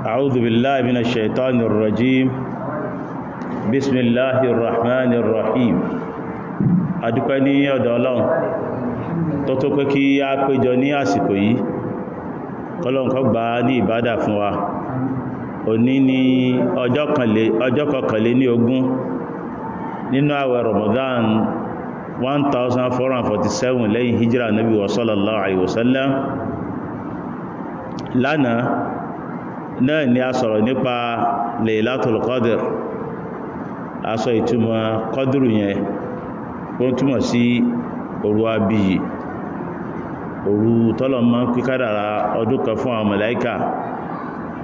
أعوذ بالله من الشيطان الرجيم بسم الله الرحمن الرحيم adúpẹ́ ní ọ̀dọ̀ ọlọ́run tó tó pé kí a péjọ ní àsìkò yìí kọlọ́nkọ́ gbà ní ìbádà fún wa òní ni ọjọ́ kọkànlé ní ogún nínú àwẹ̀ Ramadan 1447 lẹ́yìn hijira nabi wa sallallahu alaihi wasallam lánàá náà ni a sọ̀rọ̀ nípa Laylatul Qadr a sọ ìtumọ̀ kọ́dùrù yẹn ó túmọ̀ sí òru abiyì òru tọ́lọ̀mọ́ kíkádàrà ọdún kan fún àwọn màláíkà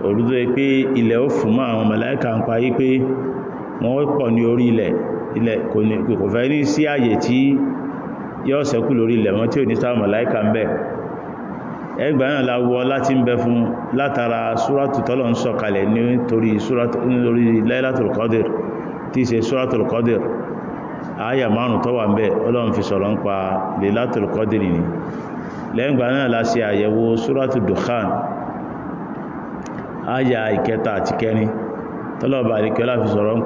òru tó yẹ pé ilẹ̀ ó fún mọ́ àwọn màláíkà ń parí pé wọ́n pọ̀ ní orí ilẹ̀ ilẹ̀ kò fẹ́ ní sí àyè tí yóò ṣẹ́kù lórí ilẹ̀ wọn tí ò ní sáwọn màláíkà ń bẹ ẹgbà náà láwọ láti ń bẹ fún látara súrátù tọ́lọ̀ ń sọ̀kalẹ̀ nítorí Lailatul Qadr tí í ṣe súrátù Qadr àyà márùn tọ́wà ń bẹ ọlọ́run fi sọ̀rọ̀ ń pa Lailatul Qadr ni lẹ́gbà náà la ṣe àyẹ̀wò súrátù Dukhan àyà ìkẹta àti kẹrin tọ́lọ̀bà àríkẹ́lá fi sọ̀rọ̀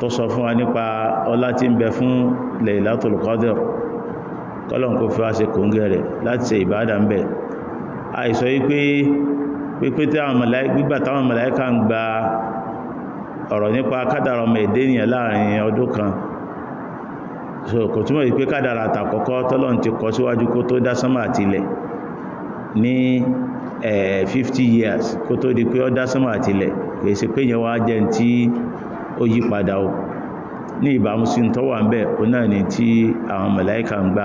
tó sọ fún wa nípa ọlá tí ń bẹ fún Laylatul Qadr kọ́lọ̀n kó fi wá ṣe kòǹgẹ́ rẹ̀ láti ṣe ìbádà ń bẹ àìsọ wípé pípé gbígbà táwọn màláíkà ń gba ọ̀rọ̀ nípa kádàrà ọmọ èdè ènìyàn láàrin ọdún kan so kò túnmọ̀ wípé kádàrà àtàkọ́kọ́ tọ́lọ̀ ti kọ síwájú kó tó dá sánmà àtilẹ̀ ní 50 years kó tó di pé ó dá sánmà àtilẹ̀ kìí pé yẹn wá jẹ́ tí ó padà o ní ìbámu sí tó o náà ni tí àwọn màláíkà ń gbà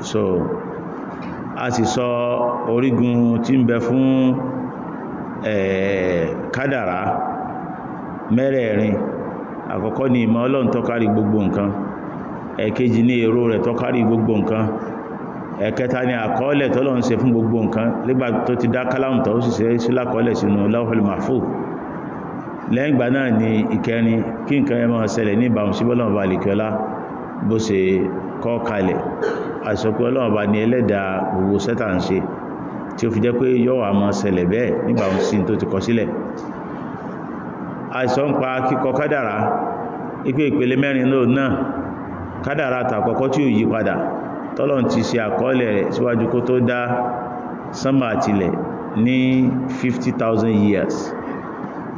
so a sì sọ orígun tí ń bẹ fún kádàrá mẹ́rẹ̀ẹ̀rin àkọ́kọ́ ni ìmọ̀ ọlọ́run gbogbo nǹkan ẹ̀kejì ni èrò rẹ̀ gbogbo nǹkan ẹ̀kẹta ni àkọọ́lẹ̀ tọ́lọ́run ṣe fún gbogbo nǹkan nígbà tó ti dá kálámù sì sílákọọ́lẹ̀ sínú lẹ́yìn náà ni ìkẹrin kí nǹkan ẹmọ́ ṣẹlẹ̀ ní ìbàmù sí bọ́lọ̀ ọba bó ṣe kọ́ kalẹ̀ àṣọpẹ́ ọlọ́run ọba ni gbogbo sẹ́tà ń ṣe tí ó fi jẹ́ pé yọ́wọ́ àmọ́ ṣẹlẹ̀ bẹ́ẹ̀ níbàmù sí tó ti kọ sílẹ̀ years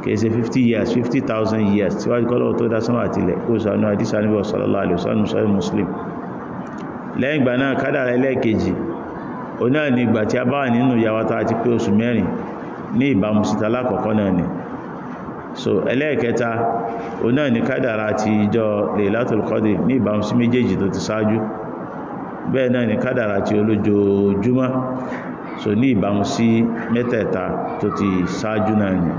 kèése 50 years 50,000 years tí wájú kọ́lọ̀ tó dásánà àtìlẹ̀ kó sànú àdísà níbi sallallahu alaihi sọ́rọ̀ muslim lẹ́yìn ìgbà náà kádàrà ẹlẹ́ẹ̀kejì o náà ni ìgbà tí a bá wà nínú yàwátá àti pé oṣù mẹ́rin ní ìbámu síta lákọ̀ọ́kọ́ ni so ẹlẹ́ẹ̀kẹta o náà ni kádàrà àti ìjọ Lailatul Qadr ní ìbámu sí méjèèjì tó ti ṣáájú bẹ́ẹ̀ náà ni kádàrà àti olójoojúmọ́ so ní ìbámu sí mẹ́tẹ̀ẹ̀ta tó ti ṣáájú náà ni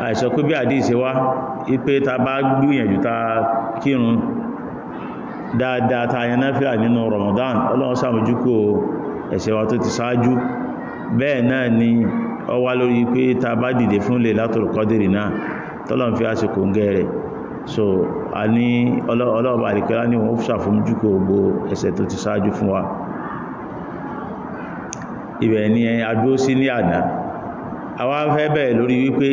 àìsọ pé bí àdíṣe wá ipé ta bá gbìyànjú ta kírun dáadáa ta yẹn náfíà nínú Ramadan ọlọ́run sàmójúkò ẹ̀ṣẹ̀ wa tó ti ṣáájú bẹ́ẹ̀ náà ni ọ wá lórí pé ta bá dìde fún lè látòrò kọ́dìrì náà tọ́lọ̀n fi àṣekò ń gẹ́ rẹ̀ so a ní ọlọ́ọ̀bà àríkẹ́lá ní òun sàfójúkò gbogbo ese tó ti ṣáájú fún wa ibẹ̀ ni adúó sí àwọn afẹ́bẹ̀ lórí wípé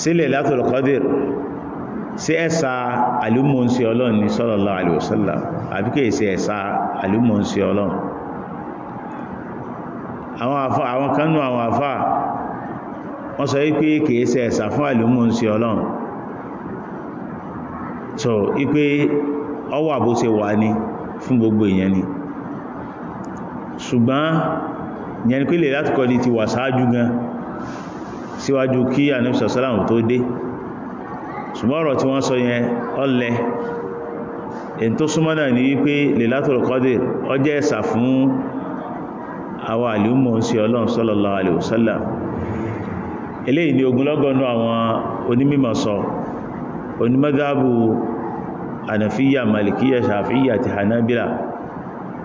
sílẹ̀ Lailatul Qadr sí ẹ̀sà àlúmọ̀nsí ọlọ́run ní sallallahu alaihi wasallam àbíkẹ́ ìsẹ̀ ẹ̀sà àlúmọ̀nsí ọlọ́run àwọn kanú àwọn àfà wọ́n sọ wípé kìí ṣe ẹ̀sà fún àlúmọ̀nsí ọlọ́run yẹn ni pé lè láti kọ́ ní ti wà sáájú gan síwájú kí àníbìsọ̀ sálàmù tó dé ṣùgbọ́n ọ̀rọ̀ tí wọ́n sọ yẹn ọlẹ̀ èyí tó súnmọ́ náà ní wípé lè látọ̀rọ̀ kọ́dé ọjẹ́ ẹ̀sà fún àwọn àlúmọ̀ sí ọlọ́run sallallahu alaihi ànàfíyà màlìkíyà ṣàfíyà àti hànábílà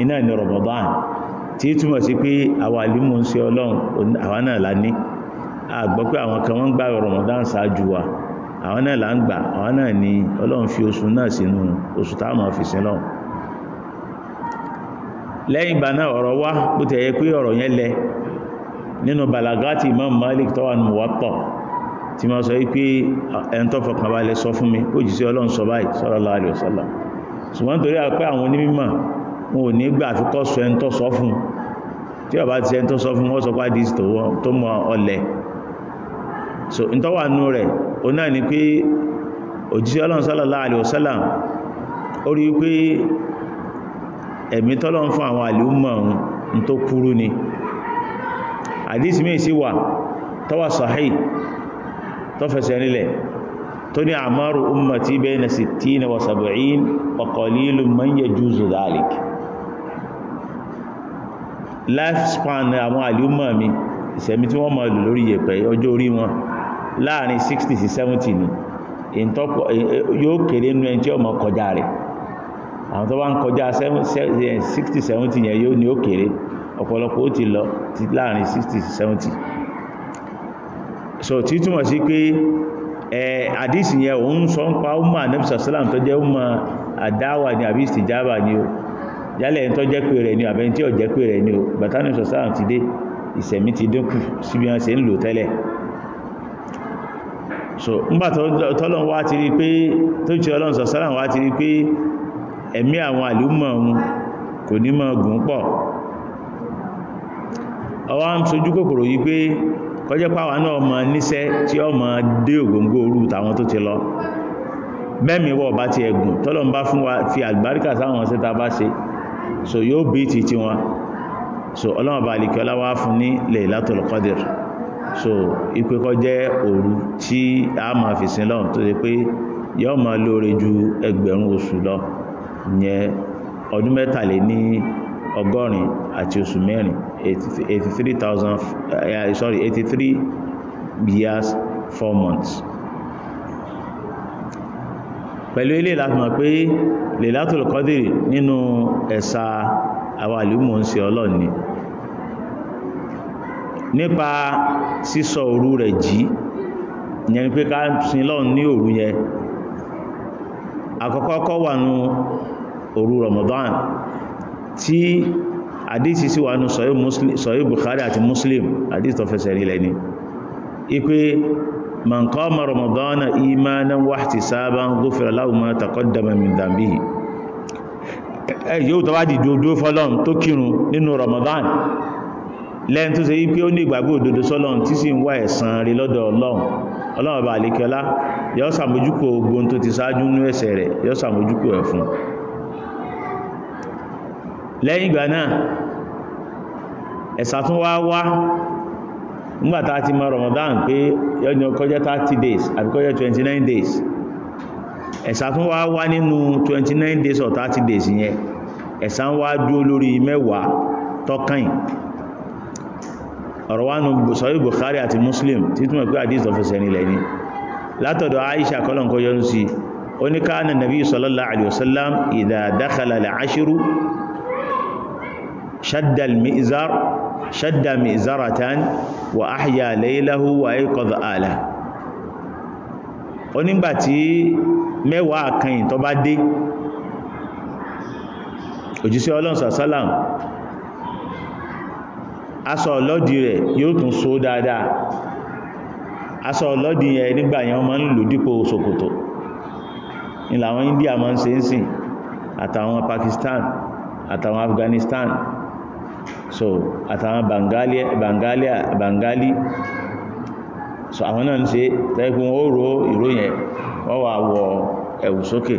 iná ni Ramadan tí túmọ̀ sí pé àwọn àlímọ̀ ń ṣe ọlọ́run àwa náà la ní àgbọ́ pé àwọn kan wọ́n gbà Ramadan ṣáájú wa àwọn náà là ń gbà àwọn náà ni ọlọ́run fi oṣù náà sínú oṣù táwọn fi lọ́run lẹ́yìn ìgbà náà ọ̀rọ̀ wá bó ti ẹ̀yẹ pé ọ̀rọ̀ yẹn lẹ nínú balagati Imam Malik tọ́wà nù wọ́pọ̀ tí ma sọ wípé ẹn tó fọkànbalẹ̀ sọ fún mi ó jì sí ọlọ́run sọ báyìí sallallahu alaihi wasallam ṣùgbọ́n torí àpẹ́ àwọn onímọ̀ wọn ò ní gbà àfikọ́ sọ ẹni tó sọ fún tí ọba ti ẹni tó sọ fún wọ́n sọ pá di tó mọ ọlẹ̀ so n tọ́wà nú rẹ̀ o náà ni pé òjíṣẹ́ ọlọ́run sallallahu alaihi wasallam ó rí pé ẹ̀mí tọ́lọ́run fún àwọn àlùmọ̀ ohun tó kúrú ni àdísì mí sí wà tọ́wà sahih tọ́fẹsẹ̀ nílẹ̀ tó ní àmárù ummati na sittina wa sab'in wa qalilun man lifespan àwọn àlúmọ̀ mi ìsẹ̀mí tí wọ́n mọ̀ lò lórí yẹ̀pẹ̀ ọjọ́ orí wọn láàrin 60 sí 70 ni yóò kéré nú ẹni tí ọmọ kọjá rẹ̀ àwọn tó bá ń kọjá 60 70 yẹn yóò ní ó kéré ọ̀pọ̀lọpọ̀ ó ti lọ láàrin 60 sí 70 so tí túnmọ̀ sí pé àdísì yẹn òun sọ ń pa ọmọ ànẹ́bìsàsílàm tó jẹ́ ọmọ àdáwà ni àbí ìstìjábà ni o yálẹ̀ ń tọ́jẹ́ pé rẹ̀ ni àbẹ́ni tí ọ̀jẹ́ pé rẹ̀ ni o bàtánù sọ̀sáàrùn ti dé ìsẹ̀mí ti dínkù sí bí wọ́n ń lò tẹ́lẹ̀ so ńgbà tọ́lọ́n wá ti rí pé tó jẹ́ ọlọ́run sọ̀sáàrùn wá ti rí pé ẹ̀mí àwọn àlúmọ̀ òun kò ní mọ́ gùn pọ̀ ọwá ń sojú kòkòrò yìí pé kọjẹ́ páwà náà mọ níṣẹ́ tí ó mọ dé ògóngó orú tàwọn tó ti lọ mẹ́mìíwọ̀ bá ti ẹ̀gùn tọ́lọ́n bá fún wa fi àgbáríkà sáwọn ṣẹ́ta bá ṣe so yóò bí ti ti wọn so ọlọ́wọ̀n bá alìkẹ́ ọláwà fún ní Laylatul Qadr so ìpẹ́kọ́ jẹ́ òru tí a máa fi sin lọ́n tó ṣe pé yọ́ máa lóore ju ẹgbẹ̀rún oṣù lọ yẹn ọdún mẹ́tàlé ní ọgọ́rin àti oṣù mẹ́rin 83,000 sorry 83 years 4 months pẹ̀lú ilé láti mọ̀ pé Lailatul Qadr nínú ẹ̀sà àwọn àlúmọ̀ ń ṣe Ọlọ́run ni nípa sísọ òru rẹ̀ jí ìyẹn ni pé ká sin lọ́n ní òru yẹn àkọ́kọ́ kọ́ wà nú òru Ramadan tí àdísì sí wà nú sọ̀yí Bukhari àti Muslim àdísì tó fẹsẹ̀ rí lẹ́ni ipé man qama ramadana imanan wa ihtisaban ghufira lahu ma taqaddama min dhanbihi yóò tọ́wá dìdò odó fọ́lọ́n tó kírun nínú Ramadan lẹ́yìn tó ṣe yí pé ó ní ìgbàgbọ́ òdodo sọ́lọ́n tí sì ń wá ẹ̀san rí lọ́dọ̀ ọlọ́run ọlọ́run bá àlékẹ́lá yóò sàmójúkò ogun tó ti sáájú nú ẹ̀ṣẹ̀ rẹ̀ yóò sàmójúkò ẹ̀ lẹ́yìn ìgbà náà ẹ̀san tún wá wá nígbàtà ti mọ̀ Ramadan pé yọ́nyọ kọjẹ́ 30 days àbí kọjẹ́ 29 days ẹ̀sà tún wá wá nínú 29 days or 30 days yẹn ẹ̀sà ń wá dúó lórí mẹ́wàá tọ́kàn ọ̀rọ̀ wá nù sọ́rí Bukhari àti Muslim títúmọ̀ pé àdíz ọ̀fẹ́sẹ̀ nílẹ̀ ni látọ̀dọ̀ Aisha kọlọ̀nkọ́ yọ́n sí oníkàánà nàbí sallallahu alaihi wasallam idha dakhala mizar ṣadda mi zaratan wa áhìyà lẹ́yìnláhù wa ikọ̀dọ̀ ààlà onígbàtí mẹ́wàá àkànyìn tó bá dé òjíṣẹ́ ọlọ́nsà sálàm aṣọ ọlọ́dì rẹ̀ yóò tún so dáadáa aṣọ ọlọ́dì yẹn nígbà yẹn ń lò dípò ṣòkòtò ìlàwọn India máa ń ṣe ń sìn àtàwọn Pakistan àtàwọn Afghanistan so àtàwọn bangali so àwọn náà ń ṣe tẹ́gbùn oró ìròyìn wọ́n wà wọ ẹ̀wù sókè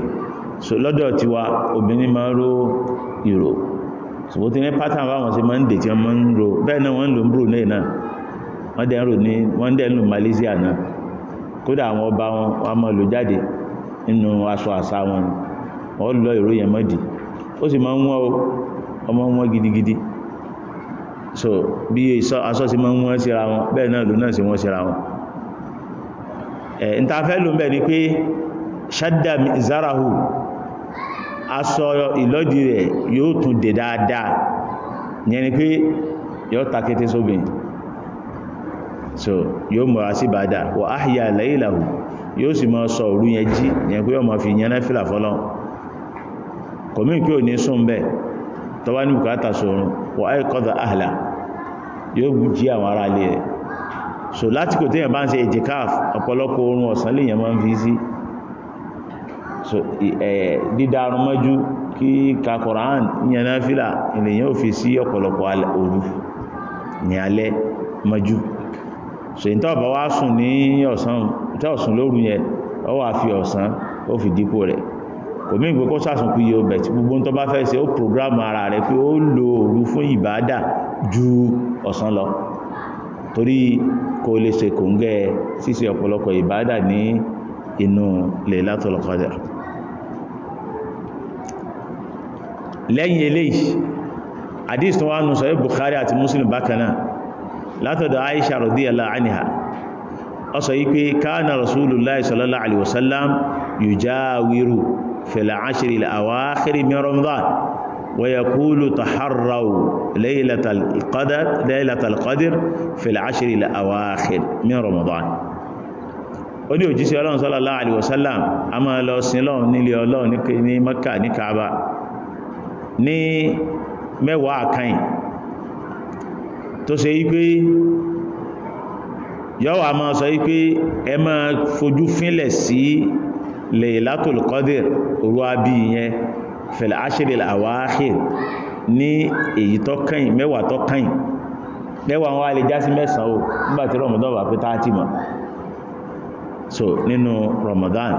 so lọ́dọ̀ ti wa obìnrin máa ń ró ìrò tí ní pátán wọn ń dè tí wọ́n ń ro bẹ́ẹ̀ náà wọ́n ń náà wọ́n dẹ̀ ń rò ní wọ́n dẹ̀ ń Malaysia náà kódà àwọn ọba wọn wọ́n lò jáde nínú aṣọ àṣà wọn wọ́n lọ mọ́dì ó sì so bí aṣọ sí máa ń wọ́n síra wọn bẹ́ẹ̀ náà lò náà sí wọ́n síra wọn ẹ̀ ń ta fẹ́ lò mẹ́ ni pé ṣádà zarahu aṣọ ìlọ́dì rẹ̀ yóò tún dè dáadáa yẹn pé yóò takété sóbìn so yóò mọ̀ra sí bàdà wà áhìyà lẹ́yìnláhù yóò sì máa sọ òru yẹn jí yẹn pé ọmọ fi yẹn fìlà fọ́lọ́n kòmí kí ò ní sùn bẹ́ẹ̀ tọ́wá ní bùkátà sọ̀rùn wà áìkọ́dà áhìlá yóò jí àwọn ará ilé rẹ̀ so lásìkò tí èyàn bá ń ṣe ìtìkáàf ọ̀pọ̀lọpọ̀ oorun ọ̀sán lèyàn máa ń fi sí so dídarun mọ́jú kí ka Kùránì yẹn náfílà èyàn ò fi sí ọ̀pọ̀lọpọ̀ òru ní alẹ́ mọ́jú so ìyẹn tó bá wá sùn ní ọ̀sán tó sùn lóru yẹn ó wà fi ọ̀sán ó fi dípò rẹ̀ kò mí ìgbé sàsùn kú yóò bẹ̀ tí gbogbo ń tó bá fẹ́ ṣe ó program ara rẹ̀ pé ó lo òru fún ìbádà ju ọ̀sán lọ torí kò lè ṣe kò ń gẹ́ ṣíṣe ọ̀pọ̀lọpọ̀ ìbádà ní inú Laylatul Qadr lẹ́yìn eléyìí hadith tó wá nù sọ Bukhari àti Muslim bákanáà látọ̀dọ̀ Aisha radiyallahu anha ó sọ yí pé káàna Rasulullahi sallallahu alaihi wasallam yujawiru ويقول تحروا ليلة القدر ليلة القدر في العشر الأواخر من رمضان ó ní òjíṣẹ́ ọlọ́run sallallahu alaihi wasallam a máa lọ sin lọ́run nílé ọlọ́run ní Mẹ́kà ní Kaaba ní mẹ́wàá àkáyìn tó ṣe wípé yọ́wà máa sọ wípé ẹ máa fojú fínlẹ̀ sí Laylatul Qadr òru abí yẹn fẹ̀lẹ̀ aṣíril àwáhìr ní èyí tó kàn mẹ́wàá tó kàn mẹ́wàá wọn lè já sí mẹ́sàn ó nígbàtí Ramadan wà pé táàtì mọ̀ so nínú Ramadan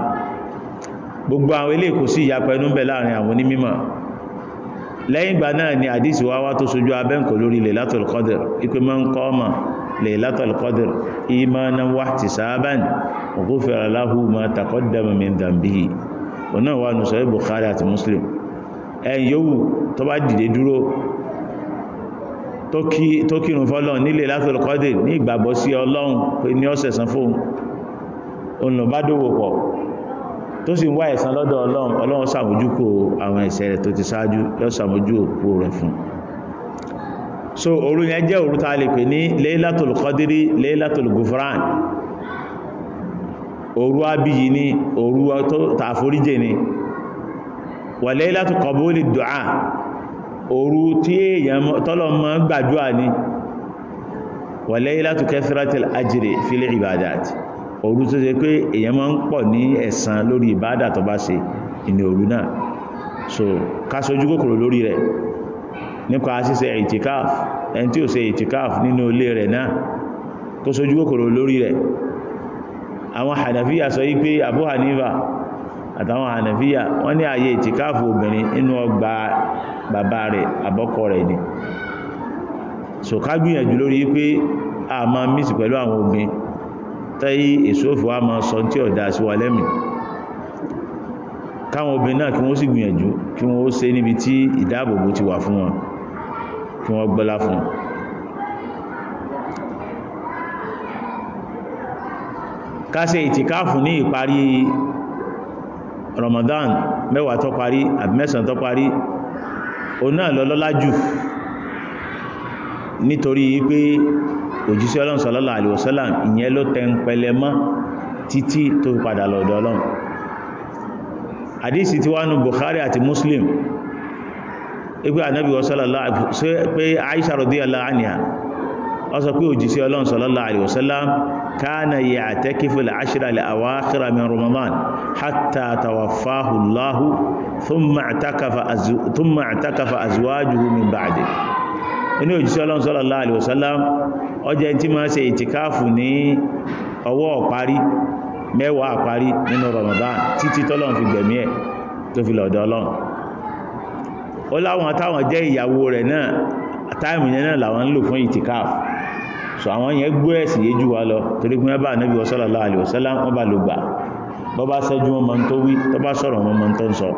gbogbo àwọn ilé kò sí ìyapa inú bẹ̀ láàrin àwọn onímímọ̀ lẹ́yìn ìgbà náà ni àdísì wá wá tó sojú abẹ́ǹkò lórí Lailatul Qadr ipé mọ́ ń kọ́ ọmọ Lailatul Qadr imanan wahtisaban ghufira lahu ma taqaddama min dhanbihi ọ̀nà wà nù sọ Bukhari àti Muslim ẹ̀yìn yòówù tó bá dìde dúró tó kírun fọ́lọ́n nílé látọ̀lù kọ́dé ní ìgbàgbọ́ sí ọlọ́run pé ní ọ̀sẹ̀ san fóun ònà bá dòwò pọ̀ tó sì ń wá ẹ̀san lọ́dọ̀ ọlọ́run ọlọ́run ṣàmójúkò so òru yẹn jẹ́ òru tá a lè pè ní Laylatul Qadri Laylatul Ghufran wà laylatu qabuli du'a òru tí èèyàn tọ́lọ mọ́ gbàdúrà ní wà laylatu kathratil ajri fil ibadat òru tó ṣe pé èèyàn máa ń pọ̀ ní ẹ̀san lórí ìbádà tó bá ṣe ìní òru náà so ká sojú kòkòrò lórí rẹ̀ nípa ṣíṣe ìtìkáf ẹni tí ó ṣe ìtìkáf nínú ilé rẹ̀ náà kó sojú kòkòrò lórí rẹ̀ àwọn Hanafiya sọ yí pé Abu Hanifa àtàwọn ànàfíyà wọ́n ní ààyè ìtìkáàfù obìnrin inú ọgbà bàbá rẹ̀ àbọ́kọ rẹ̀ ni so ká gbìyànjú lórí pé a ma mísì pẹ̀lú àwọn obìnrin tẹ́yí èsòfò a ma sọ tí ọ̀dá sí wa lẹ́mì káwọn obìnrin náà kí wọ́n sì gbìyànjú kí wọ́n ó ṣe níbi tí ìdáàbòbò ti wà fún wọn kí wọ́n gbọ́lá fún wọn ká ṣe ìtìkáàfù Ramadan mẹ́wàá tó parí àbí mẹ́sàn tó parí o náà lọ́lọ́lá jù nítorí pé òjíṣẹ́ Ọlọ́run sallallahu alaihi wasallam ìyẹn ló tẹ́ ń pẹlẹ mọ́ títí tó fi padà lọ́dọ̀ Ọlọ́run àdísì tí wánú Bukhari àti Muslim ẹgbẹ́ ànábì sallallahu alaihi wasallam pé Aisha radiyallahu anha ó sọ pé òjíṣẹ́ Ọlọ́run sallallahu alaihi wasallam kana ya'takifu al-ashra al-awakhir min Ramadan hatta tawaffahu Allah thumma i'takafa thumma i'takafa azwajuhu min ba'di inú òjíṣẹ́ Ọlọ́run sallallahu alaihi wasallam ó jẹ́ tí máa ṣe ìtìkáàfù ní ọwọ́ parí mẹ́wàá parí nínú Ramadan títí tọ́lọ́run fi gbẹ̀mí ẹ̀ tó fi lọ̀dọ̀ Ọlọ́run ó láwọn táwọn jẹ́ ìyàwó rẹ̀ náà táìmù yẹn náà làwọn ń lò fún so àwọn yẹn gbọ́ ẹ̀sìn yé jù wá lọ torí pé wọ́n bá ànábì sallallahu alaihi wasallam wọ́n bá lò gbà bọ́ bá sẹ́jú wọn mọ́ tó wí tó bá sọ̀rọ̀ wọn mọ́ tó ń sọ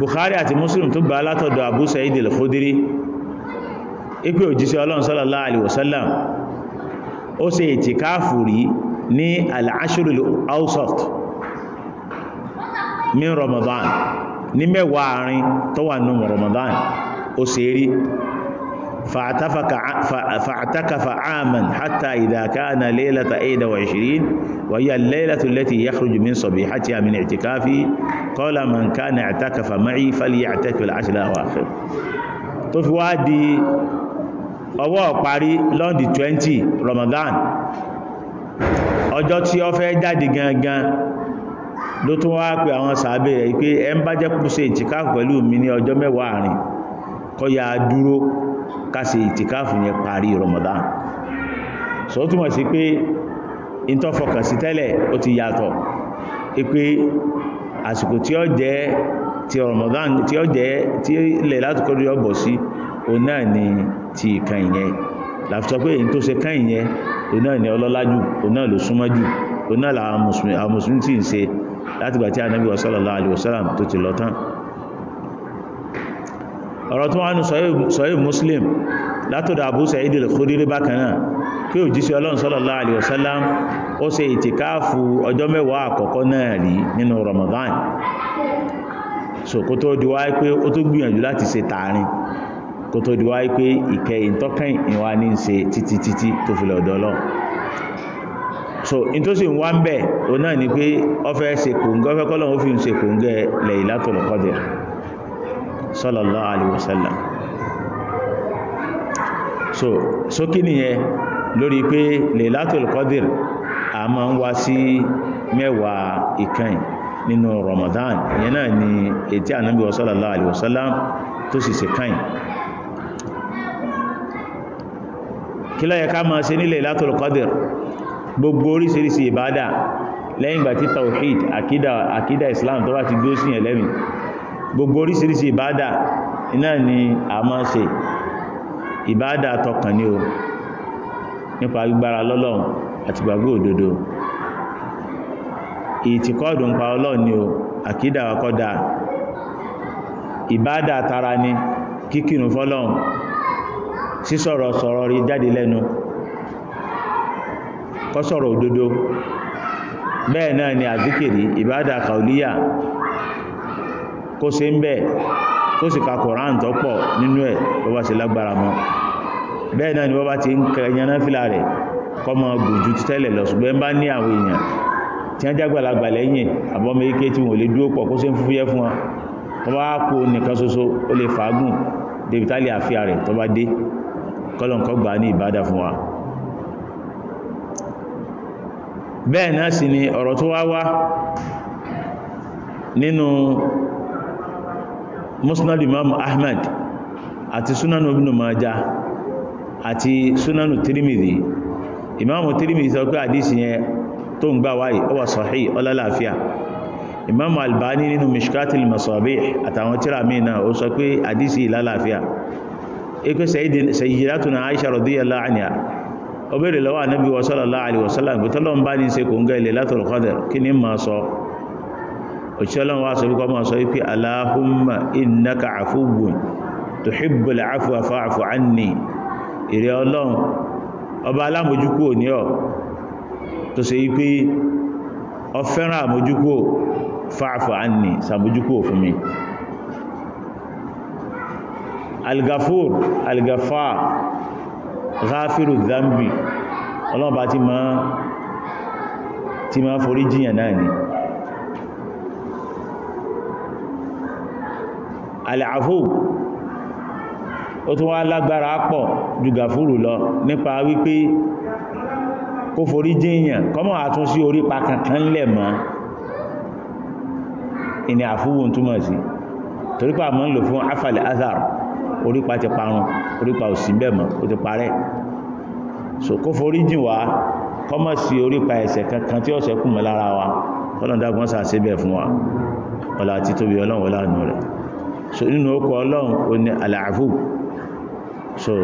Bukhari àti Muslim tó gbà látọ̀dọ̀ Abu Sa'id al ipé òjíṣẹ́ Ọlọ́run sallallahu alaihi ní mẹ́wàá àárín tó wà nù Ramadan ó ṣe rí fa'atakafa aman hatta idha kana laylata 21 wa hiya al-laylatu allati yakhruju min sabihatiha min i'tikafi qala man kana i'takafa ma'i falya'takif al-ashra al-awakhir tó fi 20 Ramadan ọjọ́ tí ó fẹ́ jáde gangan ló tún wá pé àwọn sàábẹ̀ rẹ̀ pé ẹ ń bá jẹ́ kó ṣe ìtìkáàfù pẹ̀lú mi ní ọjọ́ mẹ́wàá àárín kọ́ ya dúró ká ṣe ìtìkáàfù yẹn parí Ramadan so ó túmọ̀ sí pé ìtọ́fọkàn sí tẹ́lẹ̀ ó ti yàtọ̀ pé àsìkò tí ó jẹ́ ti Ramadan tí ó jẹ́ tí ilẹ̀ láti kọ́ lórí ọgbọ̀ sí òun náà ni ti ìkan ìyẹn láti pé èyí tó ṣe kan ìyẹn òun náà ni ọlọ́lá jù òun náà ló súnmọ́ jù òun náà làwọn mùsùlùmí tí ń ṣe láti gbà tí Ànábì sallallahu alaihi wasallam tó ti lọ tán ọ̀rọ̀ tó wánú sọ́yí Muslim látọ̀dọ̀ Abu Sa'id al-Khudri bákanáà pé òjíṣẹ́ Ọlọ́run sallallahu alaihi wasallam ó ṣe ìtìkáàfù ọjọ́ mẹ́wàá àkọ́kọ́ náà rí nínú Ramadan so kó tó di wáyé pé ó tó gbìyànjú láti ṣe tààrin kó tó so in tó sì ń wá ń bẹ̀ o náà ni pé ọfẹ́ ṣe kòǹgẹ́ ọfẹ́ kọ́lọ̀ ó fi ń ṣe kòǹgẹ́ Laylatul Qadr sallallahu alaihi so sókí nìyẹn lórí pé Laylatul Qadr a máa ń wá sí mẹ́wàá ìkẹyìn nínú Ramadan ìyẹn náà ni ètí ànábì sallallahu alaihi wasallam tó sì ṣe kẹyìn kí ló ká máa ṣe ní Laylatul Qadr gbogbo oríṣiríṣi ìbádà lẹ́yìn ìgbà tí tawhid akida akida islam tó bá ti gbé sí ẹ̀lẹ́mì gbogbo oríṣiríṣi ìbádà iná ni a máa ṣe ìbádà tọkàn ní o nípa agbára lọ́lọ́run àti gbàgbọ́ òdodo ìtìkọ́dùn pa ọlọ́run ni o àkídà wakọ́dà ìbádà tara ni kíkìrùn fọ́lọ́run sísọ̀rọ̀ sọ̀rọ̀ rí jáde lẹ́nu kó sọ̀rọ̀ òdodo bẹ́ẹ̀ náà ni àzíkìrí ìbádà kàulíyà kó se ń bẹ̀ kó sì ka Kùránì tó pọ̀ nínú ẹ̀ tó bá ṣe lágbára mọ́ bẹ́ẹ̀ náà ni wọ́n bá ti ń kẹrẹyàn náà fìlà rẹ̀ kọ́ mọ gùnjú tẹ́lẹ̀ lọ ṣùgbọ́n bá ní àwọn èèyàn tí wọ́n jágbàlagbà lẹ́yìn àbọ́mọ ike tí wọ́n lè dúró pọ̀ kó se ń fúfúyẹ́ fún wọn tó bá kó nìkan ṣoṣo ó lè fàágùn débítálì àfíà rẹ̀ tó bá dé kọ́lọ̀ nǹkan gbà ní ìbádà fún wa bẹ́ẹ̀ náà sì ni ọ̀rọ̀ tó wá wá nínú musnad imam ahmad àti sunanu ibn majah àti sunanu tirimidhi imam tirimidhi sọ pé àdísì yẹn tó ń gbà wáyé ó wà sahih ọlálàáfíà imam albani nínú mishkatil masabih àtàwọn tíra míì náà ó sọ pé àdísì ìlálàáfíà ikú sayyidatuna aisha radiyallahu anha ó bèèrè lọ́wọ́ ànábì sallallahu alaihi wasallam pé tọ́lọ́n bá ní ṣe kò ń gẹ́ ilẹ̀ Lailatul Qadr kí ní máa sọ òṣìṣẹ́ ọlọ́run wá sọ wípọ́ máa sọ wípé Allahumma innaka afuwwun tuhibbul afwa fa'fu anni ìrẹ́ ọlọ́run ọba alámójúkú al-Ghafur al-Ghaffar ráfírù zambi ọlọ́ọ̀bá tí ma tí ma forí jìyàn náà ni alàáfù ó tún wá lágbára pọ̀ ju gàfúrù lọ nípa wípé kó forí jìyàn kọmọ̀ àtúnsí orí pa kankan lẹ̀ mọ́ ìní àfúwò túnmọ̀ sí torípa mọ́ ń lò fún afàlẹ̀ azar orípa ti parun orípa ò sí bẹ́ẹ̀ mọ́ ó ti parẹ́ so kó forí jìn wá kọ́mọ̀ sí orípa ẹ̀ṣẹ̀ kankan tí ọ̀ṣẹ́ kù mọ́ lára wa ọlọ́run dágbọ́n sàṣẹ́ bẹ̀ fún wa ọlá àti tóbi ọlọ́run ọlọ́run rẹ̀ so nínú okò ọlọ́run ó ní aláàfù so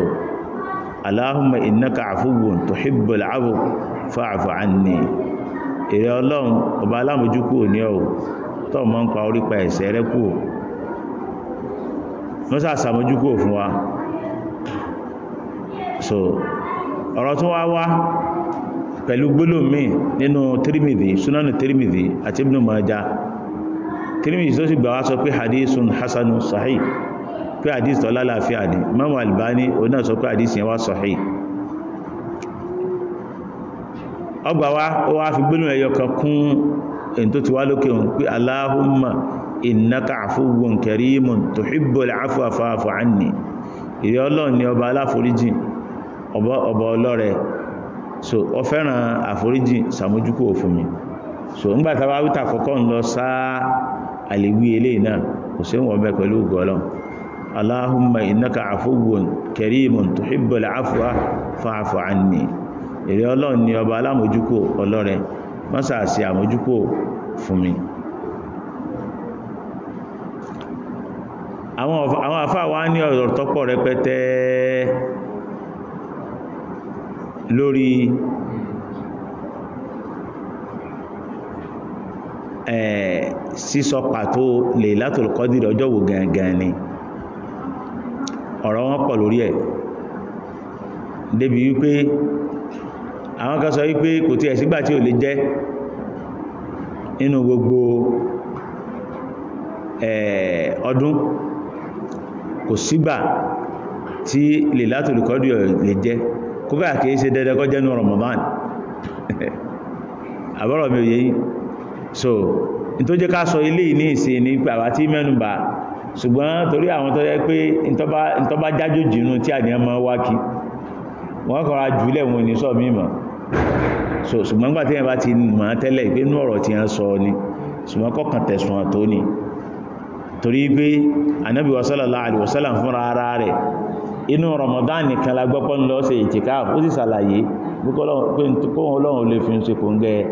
ọba alámójúkú ò ní ọ̀ tó mọ́ ń pa orípa ẹ̀ṣẹ̀ rẹ̀ mọ́sá sàmójúkò fún wa so ọ̀rọ̀ tó wá wá pẹ̀lú gbólómi nínú Tirmidhi súnánù Tirmidhi àti Ibn Majah Tirmidhi tó sì gbà wá sọ pé hadithun hasanu sahih pé hadith tó lálàáfíà ní Imam Albani ó náà sọ pé hadith yẹn wá sahih ọgbà wá ó wá fi gbólómi ẹyọ kan kún èyí tó ti wá lókè òun pé Allahumma innaka afuwun karimun tuhibbul afwa fa'fu anni ìrẹ́ ọlọ́run ni ọba aláforíjìn ọba ọlọ́rẹ so ọ fẹ́ràn àforíjìn sàmójúkò fún mi so ńgbàtà wá wítà kọ́kọ́ ń lọ sáà àlèwí eléyìí náà kò sí wọ́n bẹ́ pẹ̀lú gọ́ọ̀lọ́n Allahumma innaka afuwun karimun tuhibbul afwa fa'fu anni ìrẹ́ ọlọ́run ni ọba alámójúkò ọlọ́rẹ mọ́sàásì àmójúkò fún mi àwọn àfáà wá ní ọ̀rọ̀ tọ́pọ̀ rẹpẹtẹ lórí sísọ pàtó lè látòlùkọ́dìrì ọjọ́ wo gangan ni ọ̀rọ̀ wọn pọ̀ lórí ẹ̀ débi wípé àwọn kan sọ wípé kò tí ẹ̀ sígbà tí ò lè jẹ́ nínú gbogbo ọdún eh, kò sígbà tí lè látòlùkọ́dù lè jẹ́ kó bá kìí ṣe dẹ́dẹ́ kọ́ jẹ́nu Ramadan àbọ́rọ̀ mi òye yìí so n tó jẹ́ ká sọ ilé ní ìsìn ní pàwà tí mẹ́nubà ṣùgbọ́n torí àwọn tó yẹ pé ìtọ́bá jájò jìnú tí àdìyàn máa wá kí wọ́n kọ́ra jùlẹ̀ wọn ní sọ mímọ̀ so ṣùgbọ́n gbà tí yẹn bá ti mọ̀ tẹ́lẹ̀ ìgbénú ọ̀rọ̀ tí yẹn sọ ni ṣùgbọ́n kọ́kàn tẹ̀sùn àtó ni torí pé anábì sallallahu alaihi wasallam ara rẹ̀ inú Ramadan nìkan la gbọ́pọ́ ń lọ ṣe ìtìkáf ó sì ṣàlàyé pé kóhun ọlọ́run lè fi ń ṣe kòǹgẹ́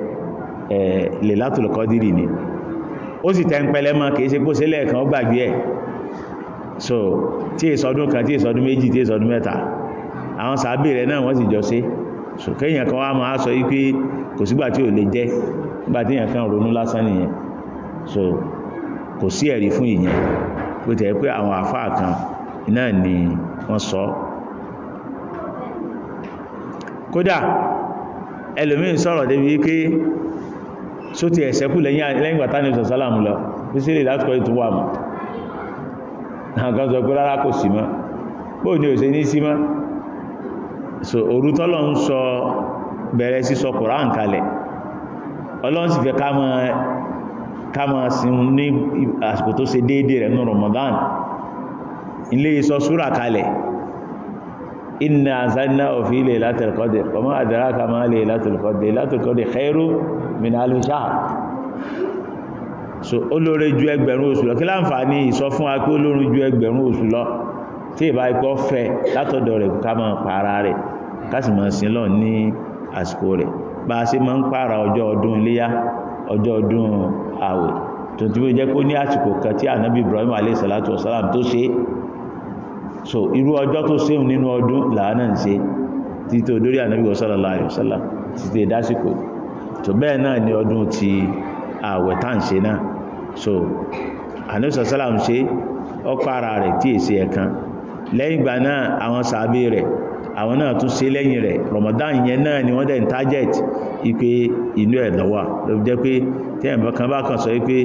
Lailatul Qadri ni kan so tí ìsọdún kan tí ìsọdún méjì tí ìsọdún mẹ́ta àwọn sàábì so kéèyàn kan wá máa sọ yí pé kò sígbà tí ò lè jẹ́ nígbà tí èèyàn kan ronú lásán nìyẹn so kò sí ẹ̀rí fún ìyẹn bó tẹ̀ pé àwọn àfáà kan náà ni wọ́n sọ kódà ẹlòmíín sọ̀rọ̀ débi wípé só ti ẹ̀sẹ̀kù lẹ́yìn ìgbà tánì sọ sálàmù lọ bí sílẹ̀ látìkọ́ ètò wà mọ́ àwọn kan sọ pé rárá kò sí mọ́ bóò ní òṣè ní sí mọ́ so òru tọ́lọ̀ ń sọ bẹ̀rẹ̀ sí sọ Kùránì kalẹ̀ Ọlọ́run sì fẹ́ ká mọ́ ká máa sin ní àsìkò tó ṣe déédé rẹ̀ ní Ramadan ilé iṣọ́ súrà kalẹ̀ inna zanna ofi ilẹ̀ látẹ̀lẹ̀kọ́dẹ̀ ọmọ àdìráka máa lè látẹ̀lẹ̀kọ́dẹ̀ látẹ̀lẹ̀kọ́dẹ̀ khairu min alfi shahr so olóore ju ẹgbẹ̀rún oṣù lọ kí láǹfààní ìsọ fún wa pé olóore ju ẹgbẹ̀rún oṣù lọ tí ìbá ikọ́ fẹ́ látọ̀dọ̀ rẹ̀ ká ọjọ́ ọdún iléyá ọjọ́ ọdún àwẹ̀ tó ti wé jẹ́ kó ní àsìkò kan tí ànábì Ibrahim aleyhisalatu wasalam tó ṣe so irú ọjọ́ tó ṣe nínú ọdún làánà ń ṣe títí odórí ànábì sallallahu alaihi wasallam títí ìdásìkò tó bẹ́ẹ̀ náà ni ọdún so ànábì sallam ṣe ọ̀pá ara rẹ̀ tí èsì ẹ̀kan lẹ́yìn ìgbà náà àwọn sàábé rẹ̀ àwọn náà tún ṣe lẹ́yìn rẹ̀ Ramadan yẹn náà ni wọ́n dẹ̀ ń target ipé inú ẹ̀ lọ́wà ló jẹ́ pé tí ẹ̀mọ́ kan bá kàn sọ wípé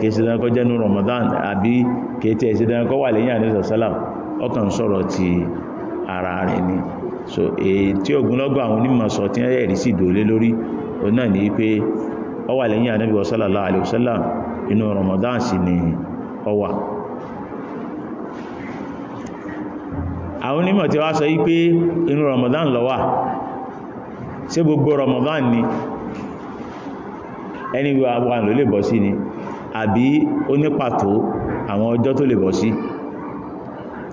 kèsì jẹ́nu Ramadan àbí kètì ẹ̀sì dánkọ́ wà lẹ́yìn àníṣọ̀ sálàm ọkàn sọ̀rọ̀ ti ara rẹ̀ ni so èyí tí ogunlọ́gọ̀ àwọn onímọ̀ sọ tí ẹ̀rẹ̀ rí sí ìdòlé lórí òun náà Ramadan sì ni ó wà àwọn onímọ̀ tí wá sọ wípé inú Ramadan ló wà ṣe gbogbo Ramadan ni ẹni wà ló lè bọ́ sí ni àbí ó ní pàtó àwọn ọjọ́ tó lè bọ́ sí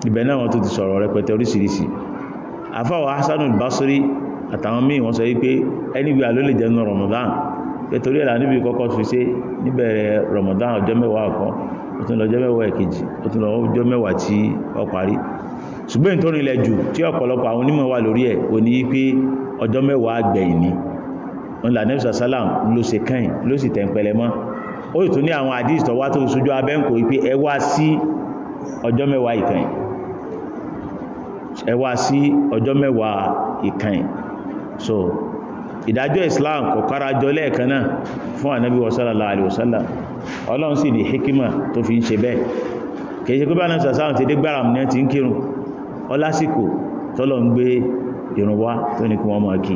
ibẹ̀ náà wọ́n tó ti sọ̀rọ̀ rẹpẹtẹ oríṣiríṣi àfáwọ̀ Hasanul Basri àtàwọn míì wọ́n sọ wípé ẹni wà ló lè jẹnu Ramadan pẹ̀tọ́rí ẹ̀là níbi kọ́kọ́ fi ṣe níbẹ̀rẹ̀ Ramadan ọjọ́ mẹ́wàá ọ̀kan ó tún lọ́jọ́ mẹ́wàá ẹ̀kejì ó tún lọ́jọ́ mẹ́wàá tí ó parí ṣùgbọ́n ìtọ́rin ilẹ̀ jù tí ọ̀pọ̀lọpọ̀ àwọn onímọ̀ wà lórí ẹ̀ ò pé ọjọ́ mẹ́wàá àgbẹ̀yìn ni wọn là nẹ́bí sàṣálà ló ṣe kẹ́yìn ló sì tẹ̀m̀pẹ̀lẹ̀ mọ́ ó sì tún ní àwọn àdíìsì tó wá tó ṣojú abẹ́ǹkò wípé ẹ sí ọjọ́ mẹ́wàá ìkẹyìn ẹ sí ọjọ́ Islam kò kára jọ lẹ́ẹ̀kan náà fún ànábí sallallahu alaihi wasallam ọlọ́run sì hikima tó fi ń ṣe bẹ́ẹ̀ kìí ṣe pé bá náà sàṣáhùn ti dé gbára mìíràn ti ń kírun ọlásìkò tọ́lọ̀ ń gbé ìrun wá tó ní kí wọ́n mọ̀ kí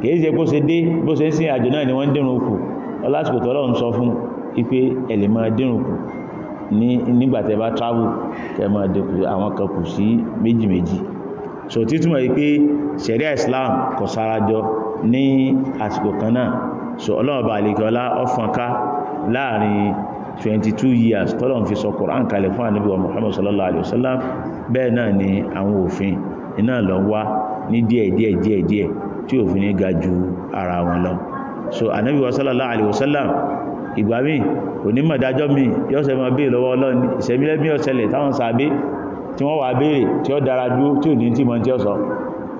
kìí ṣe bó ṣe dé bó ṣe ń sin àjò náà ni wọ́n dínrùn kù ọlásìkò tọ́lọ́ ń sọ fún ipe ẹ̀lẹ̀ máa dínrùn kù ní nígbàtẹ́ bá travel kẹ máa dẹ̀kù àwọn kan kù sí méjì méjì so títúmọ̀ yìí pé sẹ̀ríà Islam kò sarajọ ní àsìkò kan náà so ọlọ́run bá lè gọ́lá ọ̀fọ̀nká láàrin 22 years tọ́lọ̀n fi sọ Qur'an kalẹ̀ fún ànábì wa Muhammad sallallahu alaihi wasallam bẹ́ẹ̀ náà ni àwọn òfin iná lọ wá ní díẹ̀ díẹ̀ díẹ̀ díẹ̀ tí ò fi ní ga ju ara wọn lọ so ànábì wa sallallahu wasallam ìgbà míì onímọ̀ ìdájọ́ míì yóò ṣe máa béèrè lọ́wọ́ ọlọ́ni ìṣẹ́mílẹ́bí ọ̀ṣẹlẹ̀ táwọn sàbé tí wọ́n wà béèrè tí ó dára dúró tí ò ní tí mọ́ tí ó sọ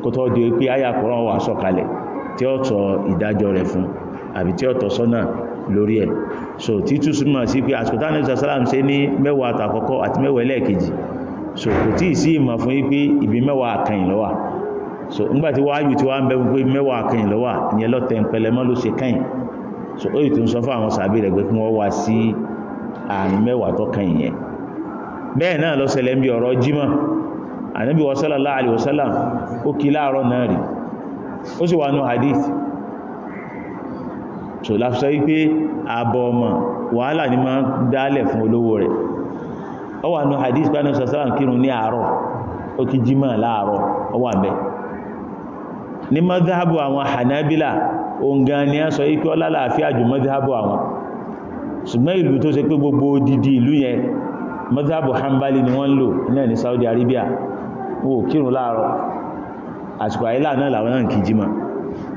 kó tó di pé àyà kọ́rọ̀ wà sọ̀kalẹ̀ tí ó tọ́ ìdájọ́ rẹ̀ fún àbí tí ó tọ́ sọ́nà lórí ẹ̀ so títú súnmọ̀ sí pé àsìkò táwọn ẹ̀sọ́ sálàm ṣe ní mẹ́wàá àtàkọ́kọ́ àti mẹ́wàá ẹlẹ́ẹ̀kejì so kò tí ì sí ìmọ̀ fún yí pé ìbí mẹ́wàá àkànyìn lọ́wà so wa wáyù tí wá ń bẹ́gbẹ́ pé mẹ́wàá kẹyìn lọ́wà ìyẹn lọ́tẹ̀ ìpẹlẹmọ́ so ó tun tó ń sọ fún àwọn sàbí rẹ̀ pé kí wọ́n wá sí àárín mẹ́wàá tó kẹyìn yẹn bẹ́ẹ̀ náà ló bi ọ̀rọ̀ jímọ̀ ànábì sallallahu alaihi wasallam ó kí láàárọ̀ wà nù hadith so wàhálà ni fun olowo o wà nù hadith sallallahu alaihi wasallam o ní mọ́dhábù àwọn hanabila ongan ni a sọ ikú ọlálàáfíà jù mọ́dhábù àwọn ṣùgbọ́n ìlú tó ṣe pé gbogbo odidi ìlú yẹn mọ́dhábù hanbali ni wọ́n ń lò náà ní Saudi Arabia wò kírun láàárọ̀ àsìkò àìlà náà làwọn náà kìí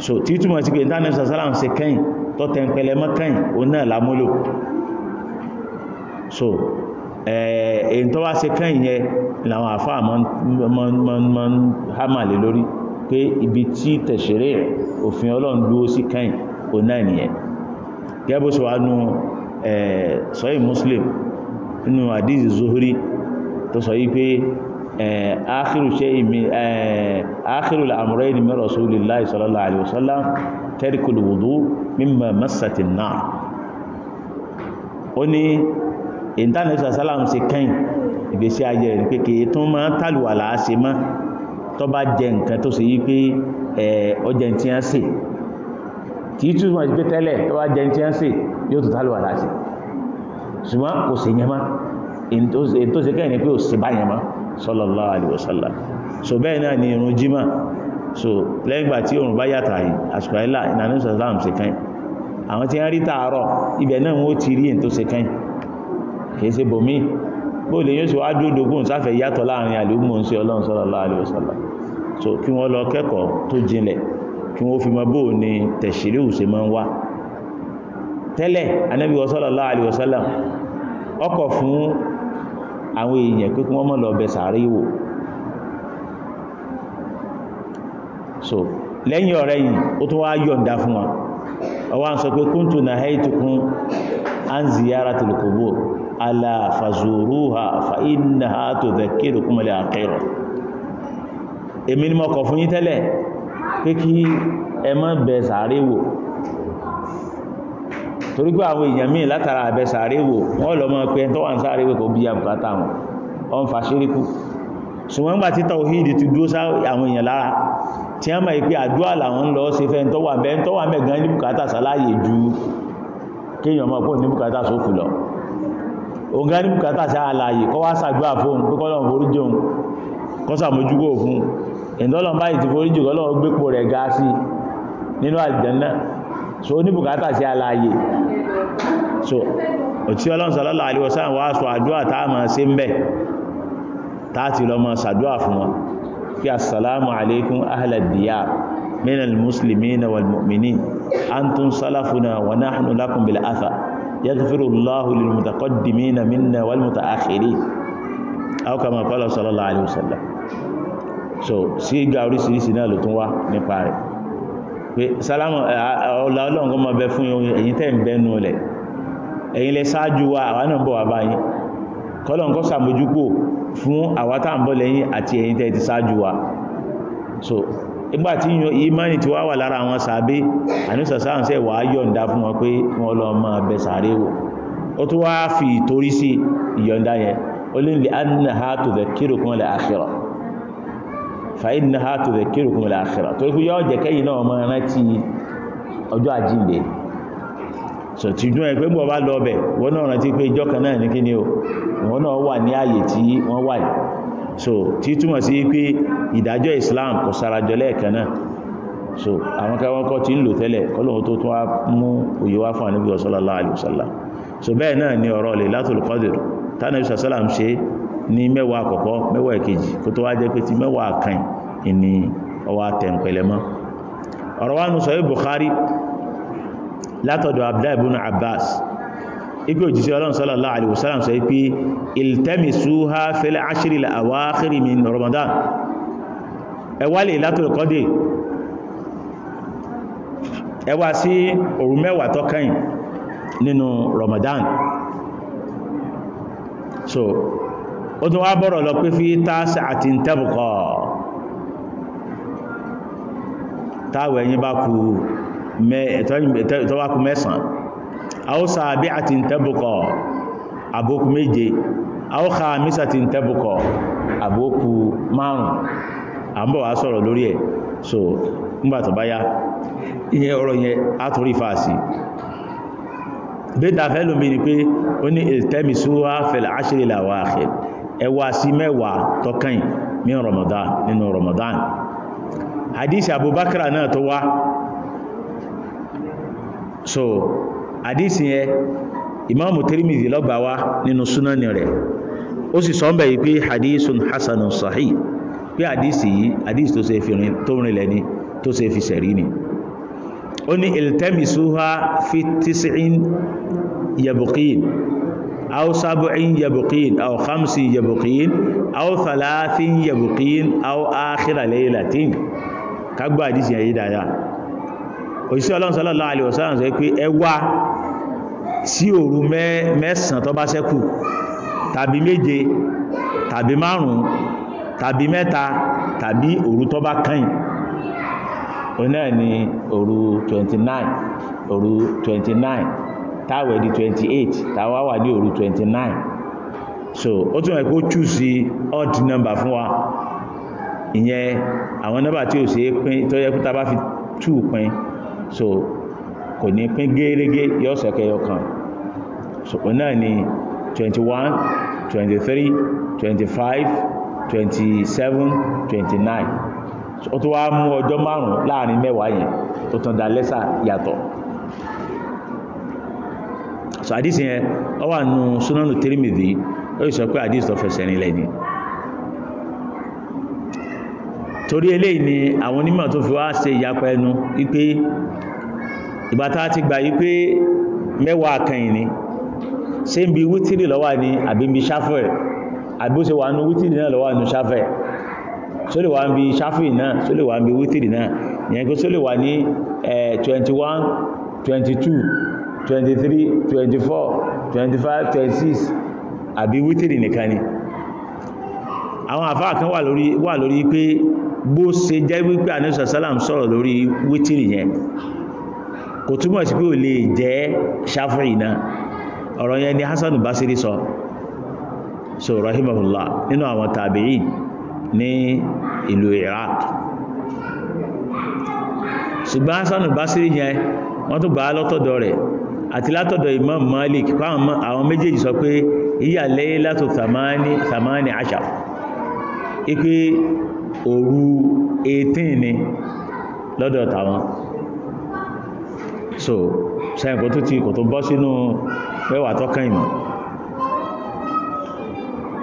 so tí túnmọ̀ sí pé internet sàsálà ń ṣe kẹ́yìn tó so èyí tó wá ṣe kẹ́yìn yẹn làwọn àfáà mọ́ ń hámà pé ibi tí tẹ̀ṣẹ̀rẹ̀ òfin ọlọ́run dúró sí kẹ́yìn ò náà nìyẹn gẹ́bù sọ wá nú sọ́yìn muslim nínú àdízi zuhuri tó sọ yí pé ákìrù ṣe ìmì ákìrù àmúrẹ́ ìdí mẹ́rọ̀ sólè láì sọ́lọ́lá àríwọ̀sọ́lá tẹ́ríkùlù wùdú mímọ̀ mẹ́sàtì àsálàmù sí kẹ́yìn ìgbésí ayé rẹ̀ pé máa tàlùwà láàá se tó bá jẹ nǹkan tó ṣe yí pé ọjẹ́ tí a ń sè kì í túnmọ̀ sí pé tẹ́lẹ̀ tó bá jẹ tí a ń sè yóò tó tálùwà láti ṣùgbọ́n kò sí yẹn mọ́ èyí tó ṣe kẹ́yìn ni pé ò sí bá yẹn mọ́ sallallahu alaihi wasallam so bẹ́ẹ̀ náà ni irun jímà so lẹ́yìn ìgbà tí òrùn bá yàtà yìí àsìkò ẹ̀là ìnáni sàlám ṣe kẹ́yìn àwọn tí wọ́n rí tààrọ̀ ibẹ̀ náà wọ́n ti rí èyí tó ṣe kẹ́yìn kì í ṣe bòmíì bóòlù yóò sì wá dúdógún sáfẹ̀ yàtọ̀ láàrin àlúmọ̀ sí ọlọ́run sallallahu alaihi so kí wọ́n lọ kẹ́kọ̀ọ́ tó jinlẹ̀ kí wọ́n fi mọ bóò ni tẹ̀sírí òsè máa ń wá tẹ́lẹ̀ anábì ọkọ̀ fún àwọn èèyàn pé kí wọ́n mọ̀ lọ bẹ sàárè wò so lẹ́yìn ọ̀rẹ́ yìí ó tún wá yọ̀ǹda fún ọwọ́ à ń sọ pé ala fazuruha fa innaha tudhakkirukum al-akhirah èmi ni mo kọ̀ fún yín tẹ́lẹ̀ pé kí ẹ má bẹ sàárè wò torí pé àwọn èèyàn míì látara àbẹ sàárè wò wọ́n lọ mọ́ pé tó wà ń sàárè wò kò bí àbùkátà wọn ọ ń fa ṣíríkù ṣùgbọ́n gbà tí tàwíìdì ti dúró sá àwọn èèyàn lára tí a máa pé àdúrà làwọn lọ sí fẹ́ tó wà bẹ́ẹ̀ tó wà mẹ́gan ní bùkátà sáláyè ju kéèyàn mọ̀ pọ̀ ní bùkátà sókù lọ ọ̀gá ní bùkátà sí àlàyé kọ́ wá sàgbà fóun pé kọ́lọ̀n forí jòun kọ́ sàmójúgbò fún ìdọ́lọ̀n báyìí ti forí jù kọ́lọ̀n gbépò rẹ̀ ga sí nínú àlùjánnà so ní bùkátà sí àlàyé so òtí ọlọ́run sallallahu alaihi wasallam wá yaghfiru Allahu lil mutaqaddimina minna wal mutaakhirin aw kama qala sallallahu alaihi so sí ga oríṣiríṣi náà ló tún wá nípa rẹ̀ pé sálámù ọ̀la ọlọ́run kọ́ máa bẹ fún ẹ̀yin tẹ́ ń bẹnu ọ̀lẹ̀ ẹ̀yin lẹ ṣáájú wa àwa náà bọ̀ wá báyìí kọ́lọ̀ nǹkan ṣàmójúpò fún àwa lẹ́yìn àti ẹ̀yin tẹ́ ti ṣáájú wa so nígbàtí imani ti wá wà lára àwọn sàábé àníṣà sáhùn sẹ́ wà yọ̀ǹda fún wọn pé wọ́n lọ mọ́ ọbẹ̀ sàárè wò ó tó wá fi ìtorí sí ìyọ̀ǹda yẹn ó lè lè annaha tudhakkirukum al-akhirah fa innaha tudhakkirukum al-akhirah torí pé yọ́ jẹ́ kẹ́yìn náà mọ́ rántí ọjọ́ àjíǹde sọ ti dún ẹ pé bọ́ bá lọ ọbẹ̀ wọ́n náà rántí pé ìjọ kan náà ní kíni o wọ́n náà wà ní ààyè tí wọ́n wà yìí so tí túmọ̀ sí pé ìdájọ́ Islam kò sarajọ lẹ́ẹ̀kan náà so àwọn kẹwọ́kọ́ ti ń lò tẹ́lẹ̀ kọlọ́wọ́ tó tún wá mú òye wá fún àníbí sallallahu alaihi wasallam so bẹ́ẹ̀ náà ni ọ̀rọ̀ Lailatul Qadr tánàbí sàṣálà ń ṣe ní mẹ́wàá àkọ́kọ́ mẹ́wàá ìkejì kó tó wá jẹ́ pé ti mẹ́wàá kan ìní ọwá Bukhari látọ̀dọ̀ Abdullah ibn igbó òjíṣẹ́ ọlọ́run sallallahu alaihi wasallam sọ pé iltamisuha fil ashril awakhir min Ramadan ẹwà lè látòrò kọ́dé ẹwà sí òru mẹ́wàá tó kẹ́yìn nínú Ramadan so ó tún wá bọ́rọ̀ lọ pé fi tásà àti tẹ́bùkọ̀ táwẹ̀ yín bá kù mẹ́sàn aw sabi'atin tabqa àbókù méje aw khamisatin tabqa àbókù márùn à sọ̀rọ̀ lórí ẹ̀ so ngbàtọ̀ bá yá ìyẹn ọ̀rọ̀ yẹn á tún rí fàásì bẹ́ta fẹ́ lómi ni pé ó ní ìtẹ́mì súwá fẹ̀lẹ̀ àṣírílà wà áhẹ̀ ẹwà sí mẹ́wàá tọ́kàn so àdísì yẹn ìmáàmù Tirmidhi ló gbà wá nínú súnáni rẹ̀ ó sì sọ bẹ́ẹ̀ pé hadisun hasanun sahih pé àdísì yìí àdísì tó ṣe fi rìn tó rìn lẹ́ni tó ṣe fi sẹ̀rí ni ó ní iltamisuha fi tis'in yabuqin aw sab'in yabuqin aw khamsin yabuqin aw thalathin yabuqin aw akhira laylatin kagbà àdísì yẹn yìí dáadáa òṣìṣẹ́ ọlọ́run sallallahu alaihi wasallam sọ pé ẹ wá sí òru mẹ́sàn tó bá ṣẹ́kù tàbí méje tàbí márùn tàbí mẹ́ta tàbí òru tó bá kàn ó náà ni òru 29 òru 29 táwẹ̀ di 28 táwà wà ní òru 29 so ó tún ẹ̀kọ́ chúùsì odd number fún wa ìyẹn àwọn nọ́mbà tí ò ṣe é pín tó yẹ kú tá fi 2 pín so kò ní pín gẹ́rẹ́gẹ́ yóò sẹ́kẹ́ kan so o náà ni 21 23 25 27 29 ó tó wá mú ọjọ́ márùn ún láàrin mẹ́wàá yẹn tó tán dá lẹ́sà yàtọ̀ so àdísì ẹ ó wà nù súnánù Tirmidhi ó torí eléyìí ni àwọn onímọ̀ tó fi wá ṣe ìyapa ẹnu wípé ìbátá ti gbà yí pé mẹ́wàá kẹyìn ni ṣe ń bi wítìrì lọ́wà ní àbí bí ṣáfẹ̀ àbí ó ṣe wà ní wítìrì náà lọ́wà ní ṣáfẹ̀ ṣó wà ń bi ṣáfẹ̀ náà ṣó lè wà ń bi wítìrì náà ìyẹn kó ṣó lè wà ní 21 22 23 24 25 26 àbí wítìrì nìkan ni àwọn àfáà kan wà lórí wà lórí pé bó ṣe jẹ́ wípé àníṣà sálàm sọ̀rọ̀ lórí wítìrì yẹn kò túmọ̀ sí pé ò lè jẹ́ Shafi'i náà ọ̀rọ̀ yẹn ni Hasan Basiri sọ so rahimahullah nínú àwọn tàbíyìn ní ìlú Iraq ṣùgbọ́n Hasan Basiri yẹn wọ́n tó bá lọ́tọ̀dọ̀ rẹ̀ àti látọ̀dọ̀ Imam Malik àwọn méjèèjì sọ pé ìyà laylatu thamani ashar ipe òru 18 ni lọ́dọ̀ tàwọn so sẹ́yìn kò tó ti kò tó bọ́ sínú mẹ́wàá tọ́kàn ìmọ̀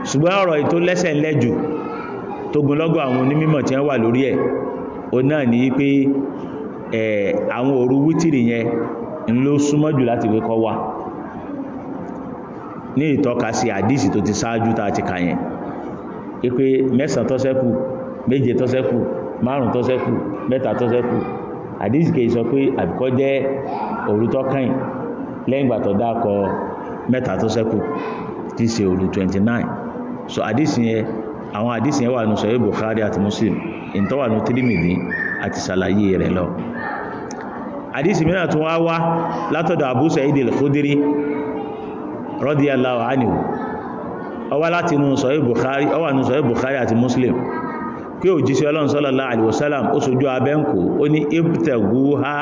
ṣùgbọ́n ọ̀rọ̀ ètò lẹ́sẹ̀ lẹ́jù tó gúnlọ́gọ̀ àwọn onímọ̀ tí wọ́n wà lórí ẹ̀ o náà ní pé àwọn òru wítìrì yẹn ń ló súnmọ́ jù láti wékọ́ wá ní ìtọ́ka sí àdísì tó ti ṣáájú tá a ti kà yẹn ipe mẹ́sàn-án tó ṣẹ́kù méje tó ṣẹ́kù márùn-ún tó ṣẹ́kù mẹ́ta tó àdísì kejì sọ pé àbíkọ́ jẹ́ òru tó kẹ́yìn lẹ́yìn ìgbà tó dákọ mẹ́ta tó sẹ́kù tí í ṣe 29 so àdísì yẹn àwọn àdísì yẹn wà nù sọ̀rọ̀ Bukhari àti Muslim ìntọ́ wà nù Tirmidhi àti sàlàyé rẹ̀ lọ àdísì mìíràn tó wá wá látọ̀dọ̀ Abu Sa'id al-Khudri radiyallahu anhu ó wá láti nù sọ̀rọ̀ Bukhari ó wà nù sọ̀rọ̀ Bukhari àti Muslim pé òjíṣẹ́ ọlọ́run sallallahu alaihi wasallam ó sojú abẹ́ǹkò ó ní ibtagu ha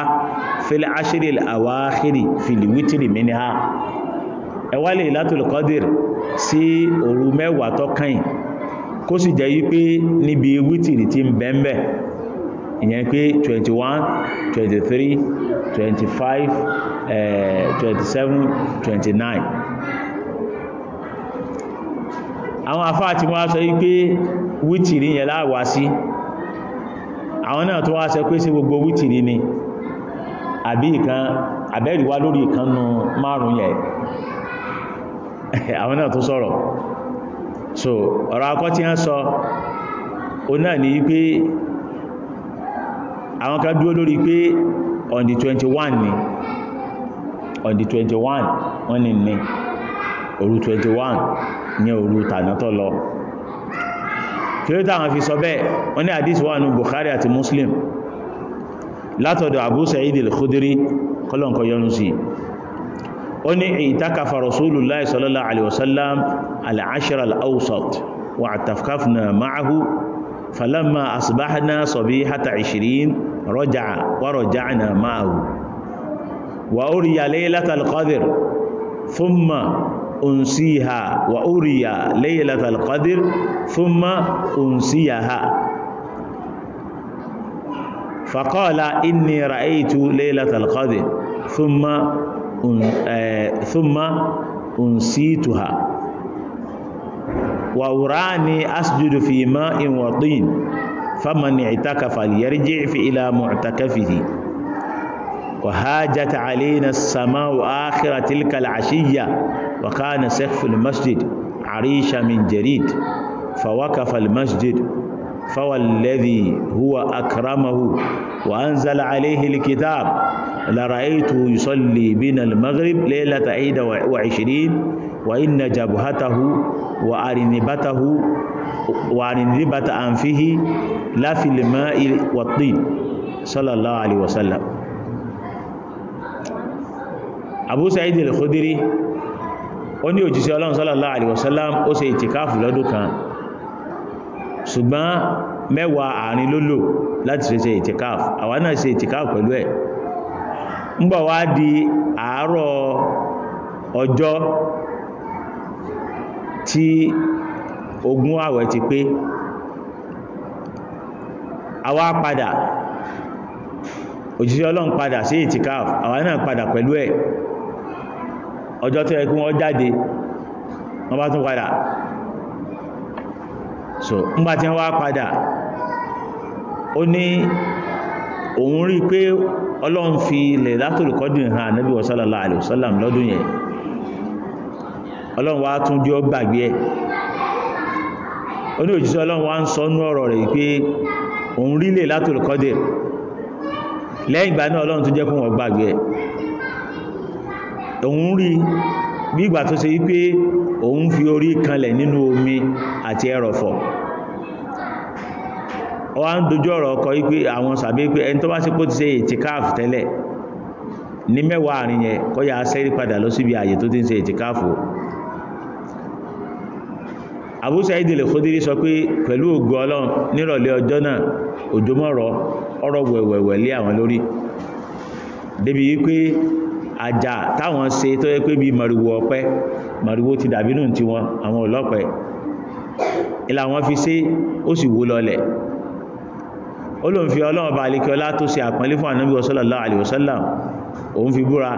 fil ashri al awakhiri fil witri minha ẹwà Laylatul sí òru mẹ́wàá tó kó sì jẹ́ wípé níbi wítìrì tí ń bẹ́ẹ̀mbẹ̀ ìyẹn pé 21 23 25 27 29 àwọn afá àti wọ́n wítìrí yẹn láàwá sí àwọn náà tó wá sẹ pé sí gbogbo wítìrí ni àbí ìkan àbẹ́rìwá lórí ìkannú márùn yẹn àwọn náà tó sọ̀rọ̀ so ọ̀rọ̀ akọ́ tí wọ́n sọ o náà ní pé àwọn kan dúró lórí pé on the 21 ni on the 21 wọ́n ni ní òru 21 ní òru tànátọ́ lọ kìló táwọn fi sọ bẹ́ẹ̀ wọ́n ní àdís wà nù Bukhari àti Muslim látọ̀dọ̀ Abu Sa'id al-Khudri kọlọ̀nkọ yọnu sí ó ní ìtakafa Rasulullahi sallallahu alaihi wasallam al-ashra al-awsat wa atafkafna ma'ahu falamma asbahna sabihata أنسيها وأري ليلة القدر ثم أنسيها فقال إني رأيت ليلة القدر ثم آه، ثم أنسيتها وأراني أسجد في ماء وطين فمن اعتكف ليرجع في إلى معتكفه وهاجت علينا السماء آخر تلك العشية وكان سقف المسجد عريشا من جريد فوقف المسجد فوالذي هو أكرمه وأنزل عليه الكتاب لرأيته يصلي بنا المغرب ليلة عيد وعشرين وإن جبهته وأرنبته وأرنبة أنفه لا في الماء والطين صلى الله عليه وسلم Abu Sa'id al-Khudri oni ní òjíṣẹ́ Ọlọ́run sallallahu alaihi wasallam ó ṣe ìtìkáàfù lọ́dún kan ṣùgbọ́n mẹ́wàá àárín ló lò láti ṣe ṣe ìtìkáàfù àwa náà ṣe ìtìkáàfù pẹ̀lú ẹ̀ ń bọ̀ wá di àárọ̀ ọjọ́ tí ogún àwẹ̀ ti pé àwa padà òjíṣẹ́ Ọlọ́run padà sí ìtìkáàfù àwa náà padà pẹ̀lú ẹ̀ ọjọ́ tí ẹkùn wọ́n jáde wọ́n bá tún padà so ńgbà tí wọ́n wá padà ó ní òun rí pé ọlọ́run fi ilẹ̀ látòlùkọ́dùn ìhàn ànábì yẹn ọlọ́run wá tún jẹ́ gbàgbé ó ní wá ń sọ ọ̀rọ̀ rẹ̀ pé òun rí látòlùkọ́dùn lẹ́yìn ìgbà náà tún jẹ́ fún wọn òun rí bí ìgbà tó ṣe wípé òun fi orí kanlẹ̀ nínú omi àti ẹrọ̀fọ̀ ọwá ń dojú ọ̀rọ̀ ọkọ̀ wípé àwọn sàbí pé ẹni tó bá sí pó ti ṣe ètìkáàfù tẹ́lẹ̀ ní mẹ́wàá àrin yẹn kọ́ ya sẹ́rí padà lọ síbi ààyè tó ti ń ṣe ètìkáàfù Abu Sa'id al-Khudri sọ pé pẹ̀lú ògo Ọlọ́run nírọ̀lẹ́ ọjọ́ náà òjòmọ́rọ̀ ọ̀rọ̀ wẹ̀wẹ̀wẹ̀ lé àwọn lórí débi wípé àjà táwọn ṣe tó yẹ pé bí mọ̀rìwò ọ̀pẹ mọ̀rìwò ti dàbínú ti wọn àwọn ọlọ́pẹ ilà wọn fi ṣe ó sì wó lọlẹ̀ ó lòun fi ọlọ́run bá alikẹ́ ọlá tó ṣe àpọ́nlé fún ànábì sallallahu alaihi wasallam òun fi búra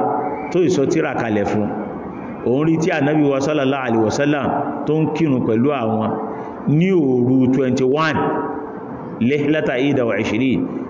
tó ìsọ tíra kalẹ̀ fún òun rí tí ànábì sallallahu alaihi wasallam tó 21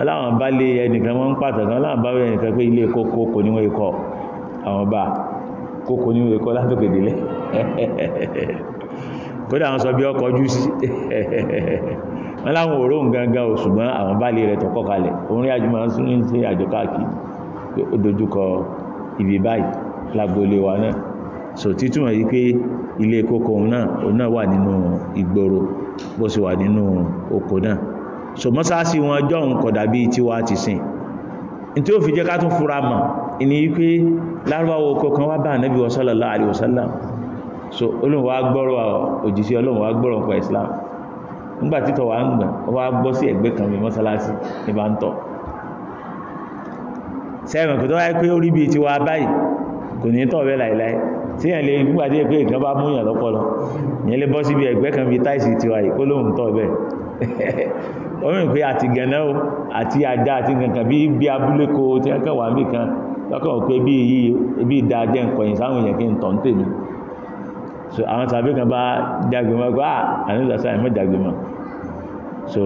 aláwọn bá lé ẹnìkan wọ́n ń pàtàkì aláwọn bá rẹ̀ ẹnìkan pé ilé kókó kò níwọ̀n ikọ̀ àwọn bá kókó níwọ̀n ikọ̀ látòkè délẹ̀ kódà àwọn sọ bí ọkọ̀ ojú sí wọ́n láwọn òró gangan o ṣùgbọ́n àwọn bá lè rẹ̀ tọ́kọ̀ kalẹ̀ orin àjò máa ń sún ní sí àjò káàkiri ó dojúkọ ibi báyìí lágbolé wa náà so títúmọ̀ yìí pé ilé kókó náà òun náà wà nínú ìgboro bó sì wà nínú oko náà so mọ́sáàsì wọn jọun kódà bí tiwa ti sìn tí ó fi jẹ́ ká tún fura mọ̀ ìní wípé lárúbáwọ̀ oko kan wá bá ànábì sallallahu alaihi wasallam so olóhùn wá gbọ́rọ̀ òjìṣẹ́ olóhùn wá gbọ́rọ̀ ọ̀pọ̀ islam nígbà títọ̀ wá ń gbọ̀n ó wá gbọ́ sí ẹ̀gbẹ́ kan mi mọ́sálásí ní bá ń tọ̀ sẹ́yìn kò tó wáyé pé ó rí kò ní tọ̀rẹ́ láìláì tí yẹn lè gbúgbàdé pé nǹkan bá múyàn lọ́pọlọ yẹn lè bọ́ síbi ẹgbẹ́ kan fi táìsì tiwa yìí kó lóhùn tọ̀ bẹ́ẹ̀ ó rìn pé àti gànà o àti àdá àti nǹkan bí bí abúlé ko tí wọ́n kàn wá mí kan lọ́kàn wọ́n pé bí yìí bí ìdá jẹ́ nkọ̀yìn sáwọn èèyàn kí n tọ̀ ń tèmi so àwọn sàbí kan bá jagbe mọ́ pé ah àní ìdásá ẹ̀ mọ́ jagbe mọ́ so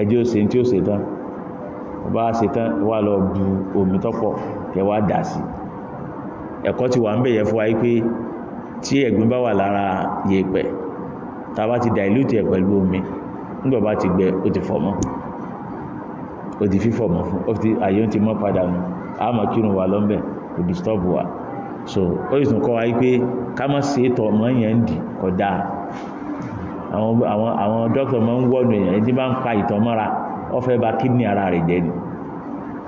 ẹjẹ́ ó ṣe ní tí ó ṣe tán ọba ṣe tán wà lọ bu omi kẹwàá dà sí i ẹ̀kọ́ ti wà ń bẹ̀yẹ fún wa wípé tí ẹ̀gbin bá wà lára yèèpẹ̀ ta bá ti dilute ẹ̀ pẹ̀lú omi nígbà bá ti gbẹ ó ti fọ̀mọ́ ó ti fífọ̀ mọ́ fún ó ti ó ti mọ́ padà nù á mọ̀ kírun wa lọ́mbẹ̀ kò disturb wa so ó sì tún kọ́ wa pé ká má ṣe tọ̀ mọ́ yẹn ń dì àwọn dókítà máa ń wọ́nu èèyàn ẹni tí bá ń pa mọ́ra fẹ́ ba kídìnì ara rẹ̀ jẹ́ ni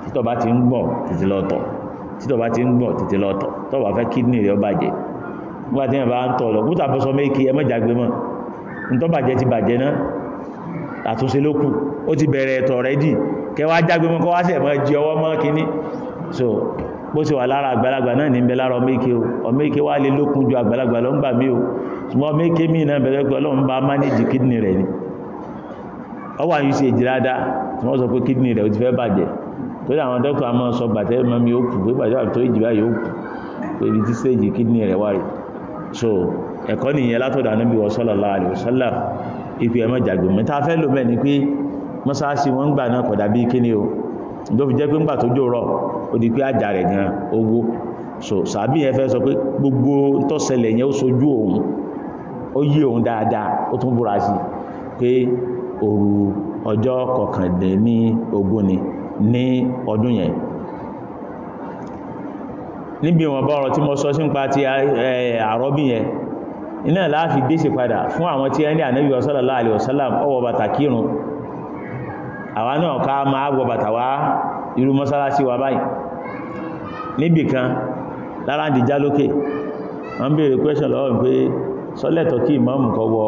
títọ̀ bá ti ń títí tí tọba ti ń gbọ̀n tètè lọ tọ̀ tọba fẹ́ kídìnì rẹ̀ ó bàjẹ́ nígbà tí yẹn bá ń tọ̀ lọ kúta bọ́sọ méèkì ẹ mọ́jà gbé mọ́ ntọ́ bàjẹ́ ti bàjẹ́ náà àtúnṣe ló kù ó ti bẹ̀rẹ̀ ẹ̀tọ̀ rẹ̀ dì kẹwàá jágbé mọ́ kọ́ wá sẹ̀ mọ́ jí ọwọ́ mọ́ ni ọwọ́ àyùn ṣe ìjìlá dá tí wọ́n sọ pé torí àwọn dókítà máa sọ gbàtẹ́ mami ó kù pé gbàtẹ́ àbútó ìjìbá yóò kù pé ibi tí stage kidney rẹ̀ wà rẹ̀ so ẹ̀kọ́ nìyẹn látọ̀dọ̀ anábì wọ sallallahu ipi ẹ̀mọ́ jàgbé mẹ́ta fẹ́ lò mẹ́ni pé mọ́sáàsì wọ́n gbà náà kọ̀dà bí kíní o tó fi jẹ́ pé tó jò rọ̀ ó so sàbí gbogbo yẹn ó sojú òun ó yí òun dáadáa ó tún búra sí ní ọdún yẹn níbi ìwọ̀n bọ́rọ̀ tí mo sọ sí ń pa ti àrọ́bí yẹn iná láàfi padà fún àwọn tí ẹni ànábì sallallahu alaihi wasallam ọwọ́ bàtà kírun àwa náà ká máa bàtà wá irú mọ́sálásí wa báyìí níbìkan lára ń dìjá lókè wọ́n bèèrè question lọ́wọ́ pé sọ́lẹ̀tọ̀ kí wọ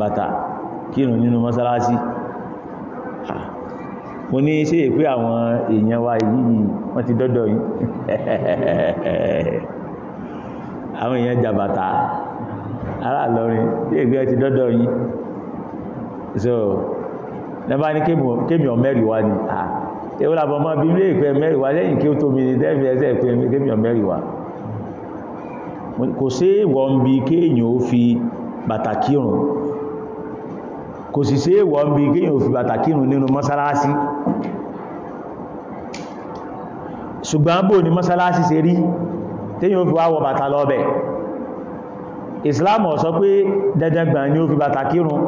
bàtà kírun nínú mo ní ṣe èpé àwọn èèyàn wa yìí wọ́n ti dọ́dọ̀ yìí àwọn èèyàn jàbàtà ará lọrin tí èpé ti dọ́dọ̀ yìí so lẹ́bàá ní kémi ọ̀mẹ́rìwá ni à ewu làbọ̀ mọ́ bí ilé ìpẹ́ mẹ́rìwá lẹ́yìn kí ó tóbi ní dẹ́fì ẹsẹ̀ pé kémi ọ̀mẹ́rìwá kò sí èèwọ̀ ń bi kéèyàn ó fi bàtà kírun kò sì sí èèwọ̀ ń kéèyàn ó fi bàtà kírun nínú mọ́sálásí ṣùgbọ́n bò ní mọ́sálásí ṣe rí téyàn fi wá wọ bàtà lọ́bẹ̀ ìsìláàmù sọ pé dandangbà ni ó fi bàtà kírun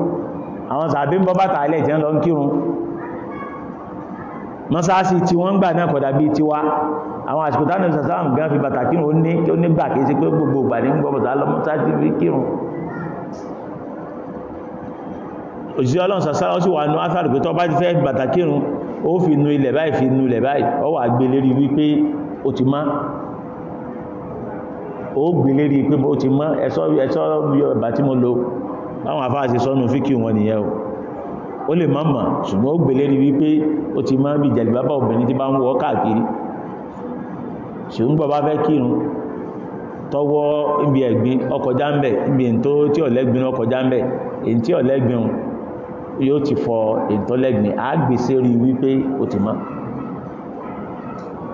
àwọn sàbí ń bọ́ bàtà ilẹ̀ tí ń lọ ń kírun mọ́sálásí tí wọ́n ń gbà náà kódà bí tiwa àwọn àsìkò tánà sàsàm gan fi bàtà kírun ó nígbà kìí ṣe pé gbogbo ìgbà ní gbọ́ bàtà lọ́mọ́sálásí fi kírun òṣìṣẹ́ ọlọ́run sàsàm ó sì ó fi nu ilẹ̀ báyìí fi nu ilẹ̀ báyìí ọ wà gbé lérí wípé ó ti má ó gbé lérí pé ó ti má ẹ̀ṣọ́ bí ọ̀bá tí mo lo báwọn afá àti sọ́nù fíkì wọn nìyẹn o ó lè má mà ṣùgbọ́n ó gbé lérí wípé ó ti má bí jẹ̀lì bábá obìnrin tí bá ń káàkiri ṣùgbọ́n gbọ́ bá fẹ́ kírun tọwọ́ ibi ẹ̀gbin ọkọjá ń ibi tí ọ̀lẹ́gbin ọkọjá ń èyí tí yóò ti fọ ìtọ́lẹ̀gbìn àágbèsè rí wípé ó ti mọ́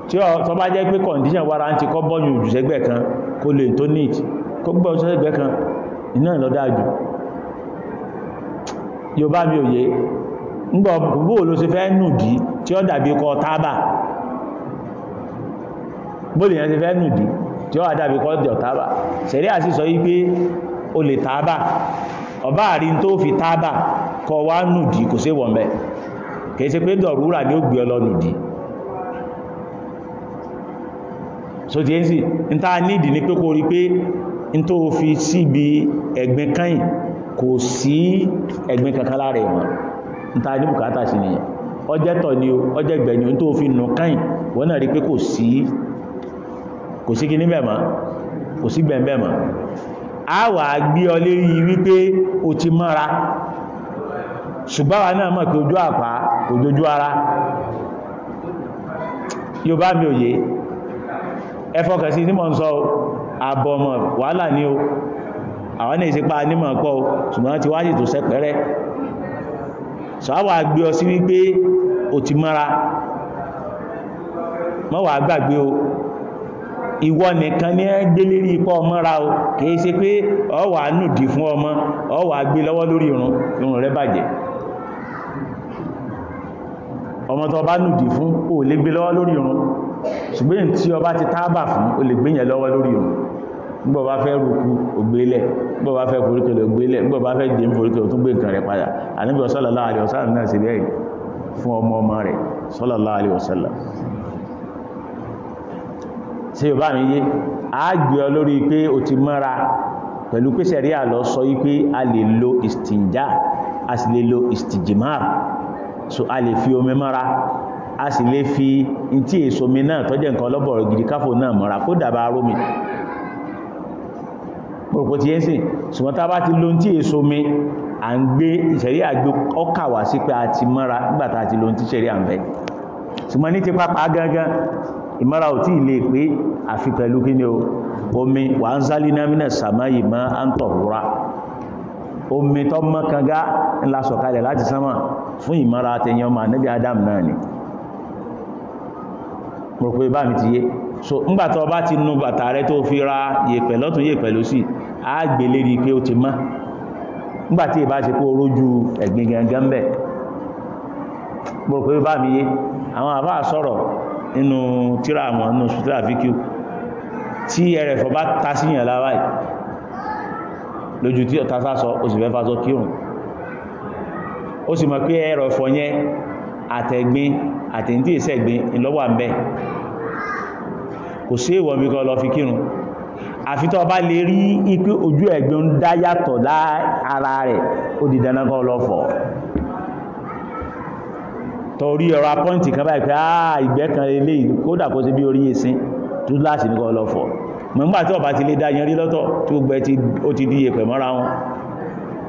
tí ọ bá jẹ́ pé condition wára ń ti kọ́ bọ́ọ̀lù òjùsẹ́gbẹ̀ kan kó lè tó neat kó gbọ́ òjùsẹ́gbẹ̀ kan iná ìlọ́dájú yóò bá mi òye ńgbọ̀ gbogbo ló ṣe fẹ́ nùdí tí ó dàbí kọ tábà bóòlù yẹn ṣe fẹ́ nùdí tí ó dàbí kọ jọ tábà ṣẹ̀rí àti sọ wípé o lè tábà ọba àrí tó fi tábà kọ wá nùdí kò sí wọ̀n bẹ́ẹ̀ kìí ṣe pé dọ̀rúrà ní ó gbé nùdí so ti n ta nídì pé kò rí pé n tó fi síbi káyìn kò sí ẹ̀gbin kankan lára ẹ̀wọ̀n n ta ní si sí ọjẹ́ tọ̀ ni o ọjẹ́ ni n tó fi nù káyìn wọ́n náà rí pé kò sí kò sí kí a wà gbé ọ lérí wípé o ti mọ́ra ṣùgbọ́n wa náà mọ̀ pé ojú àpá òjòjú ara yóò bá mi òye ẹfọ́kẹ̀ sí ní mọ̀ ń sọ àbọ̀ ọmọ wàhálà ní o àwọn ní ìsípa nímọ̀ pọ̀ o ṣùgbọ́n ti wájì tó sẹ́pẹ̀rẹ́ sọ́wọ́ gbé ọ sí wípé o ti mọ́ra mọ́ wà gbàgbé o ìwọ nìkan ní gbé lérí ipọ́ ọmọ́ra o kìí ṣe pé ọ wà fún ọmọ ọ gbé lọ́wọ́ lórí irun irun bàjẹ́ ọmọ tó bá nùdí fún o lè gbé lọ́wọ́ lórí irun ṣùgbọ́n tí ọba ti tábà fún o lè gbé yẹn lọ́wọ́ lórí irun nígbà bá fẹ́ rúkú ògbélẹ̀ nígbà bá fẹ́ foríkèlè ògbélẹ̀ nígbà bá fẹ́ dé foríkèlè tó gbé nǹkan rẹ̀ padà àníbi sallallahu lo istinja a sì so a lè fi omi mọ́ra a sì lè fi ntí èso omi náà tọ́jẹ́ nǹkan ọlọ́bọ̀rọ̀ gidi káfò náà mọ́ra kó dàbà rómi pòròpó ti yé sìn ṣùgbọ́n tá a bá ti lo ntí èso omi à ń gbé ìṣẹ̀rí àgbo ọkà wá sí pé a ti mọ́ra nígbà tá a ti lo ntí ìṣẹ̀rí à ń bẹ̀ ṣùgbọ́n ní ti pápá gángan ìmọ́ra ò tí ì lè pé àfi pẹ̀lú kí ni o omi wà ń sálí námínà sàmáyì mọ́ ń tọ̀ wúra omi tó mọ́ kanga ńlá sọ̀kalẹ̀ láti sánmà fún ìmọ́ra àtẹ̀yàn ọmọ ànábì adam náà ni mo pé bá mi ti yé so ńgbàtọ̀ ọba ti nu bàtà rẹ tó fi ra yèpẹ̀ lọ́tún yèpẹ̀ lósì á gbé lérí pé ó ti mọ́ ńgbàtí ìbá ṣe kó rójú ẹ̀gbin gangan bẹ̀ mo pé bá mi yé àwọn àbá sọ̀rọ̀ nínú tíra àwọn nínú sutra fíkú tí ẹrẹ̀fọ́ bá ta síyàn láwáì lójú tí ọ̀tá sá sọ òsì fẹ́ fa sọ kírun ó sì mọ̀ pé ẹ̀rọ ẹ̀fọ́ yẹn àtẹ̀gbin àtẹ̀ntí ìṣẹ̀gbin ìlọ́wà mẹ́ kò sí ìwọ̀n mi kọ́ lọ fi kírun àfi tó bá lè rí ipé ojú ẹ̀gbin ń dá yàtọ̀ lára rẹ̀ ó di dandan kọ́ lọ fọ̀ torí ọ̀rọ̀ apọ́ǹtì kan báyìí pé àà ah, ìgbẹ́ kan lè kódà kó sí bí orí ìsìn tó láti ní kọ́ lọ fọ̀ mọ̀mọ́ àti ọ̀bá ti lè dá yẹn rí lọ́tọ̀ tí ó gbẹ ó ti díye pẹ̀mọ́ra wọn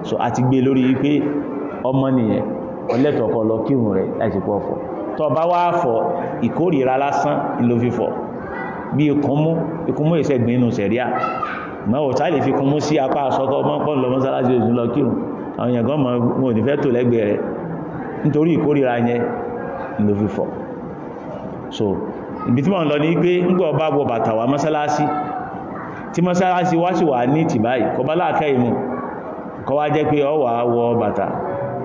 so àti gbé lórí pé ọmọ nìyẹn ọlẹ́tọ̀ọ̀kọ́ lọ kírun rẹ̀ láti pọ̀ fọ̀ bá wá fọ̀ ìkórìíra lásán ló fi bí ikúnmú ikúnmú ìṣẹ́gbìn inú sẹ̀ríà mọ́ òtá lè fi kúnmú sí apá àsọ́kọ́ mọ́pọ́n lọ mọ́sálásí oṣù lọ àwọn èèyàn gan mọ́ wọn ò ní fẹ́ tò lẹ́gbẹ̀ẹ́ rẹ̀ nítorí ìkórìíra yẹn so ibi tí wọ́n lọ ní pé ń gbọ́ bá wọ bàtà wá mọ́sálásí tí mọ́sálásí wá sì wà ní tìbáyì láàkẹ́ ìmú jẹ́ pé ọ wà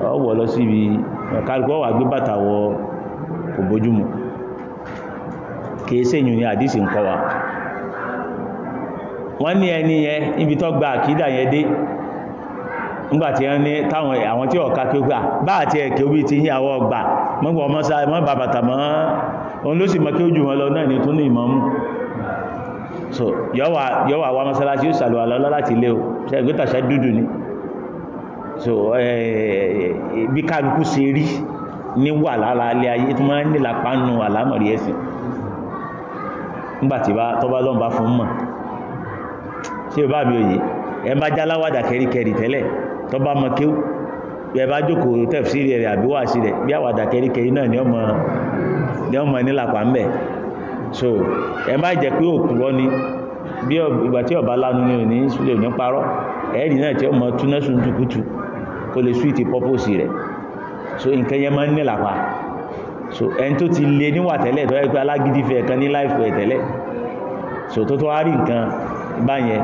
ọwọ̀ lọ sí ibi kálùkù wà gbé bàtà wọ kò bójúmu kèése yìí ni àdísì ń kọ́ wa wọ́n ní ẹni yẹ ibi tó gba àkídà yẹn dé nígbàtí wọ́n ní táwọn àwọn tí ọ̀ka kí ó gbà bá àti ẹ̀kẹ́ orí ti yín àwọ̀ gbà mọ́gbọ̀ mọ́ bàbàtà mọ́ so eh, eh, eh, bí kálukú ṣe rí ní wà lára alẹ́ ayé tó máa ń nílà pánu àlámọ̀rí ẹ̀sìn nígbàtí tọ́bá bá fún mọ̀ ṣe bá bí òye ẹ bá jáláwàdà kẹrìkẹrì tẹ́lẹ̀ tọ́bá mọ kéwú ẹ bá jókòó tẹ̀fsíìrì rẹ̀ àbí wàásì rẹ̀ bí àwàdà náà ni ọmọ nílàpá ń bẹ̀ so ẹ pé ni bí ìgbà tí ọba lánú ni ò ní parọ́ ẹ̀rì náà kó lè súwìtì pọ́pọ́sì rẹ̀ so nǹkan yẹn máa ń ní làpá so ẹni tó ti lé níwà tẹ́lẹ̀ tó yẹ pé alágídí fẹ́ kan ní láìfẹ́ tẹ́lẹ̀ so tó tó wá rí nǹkan báyẹn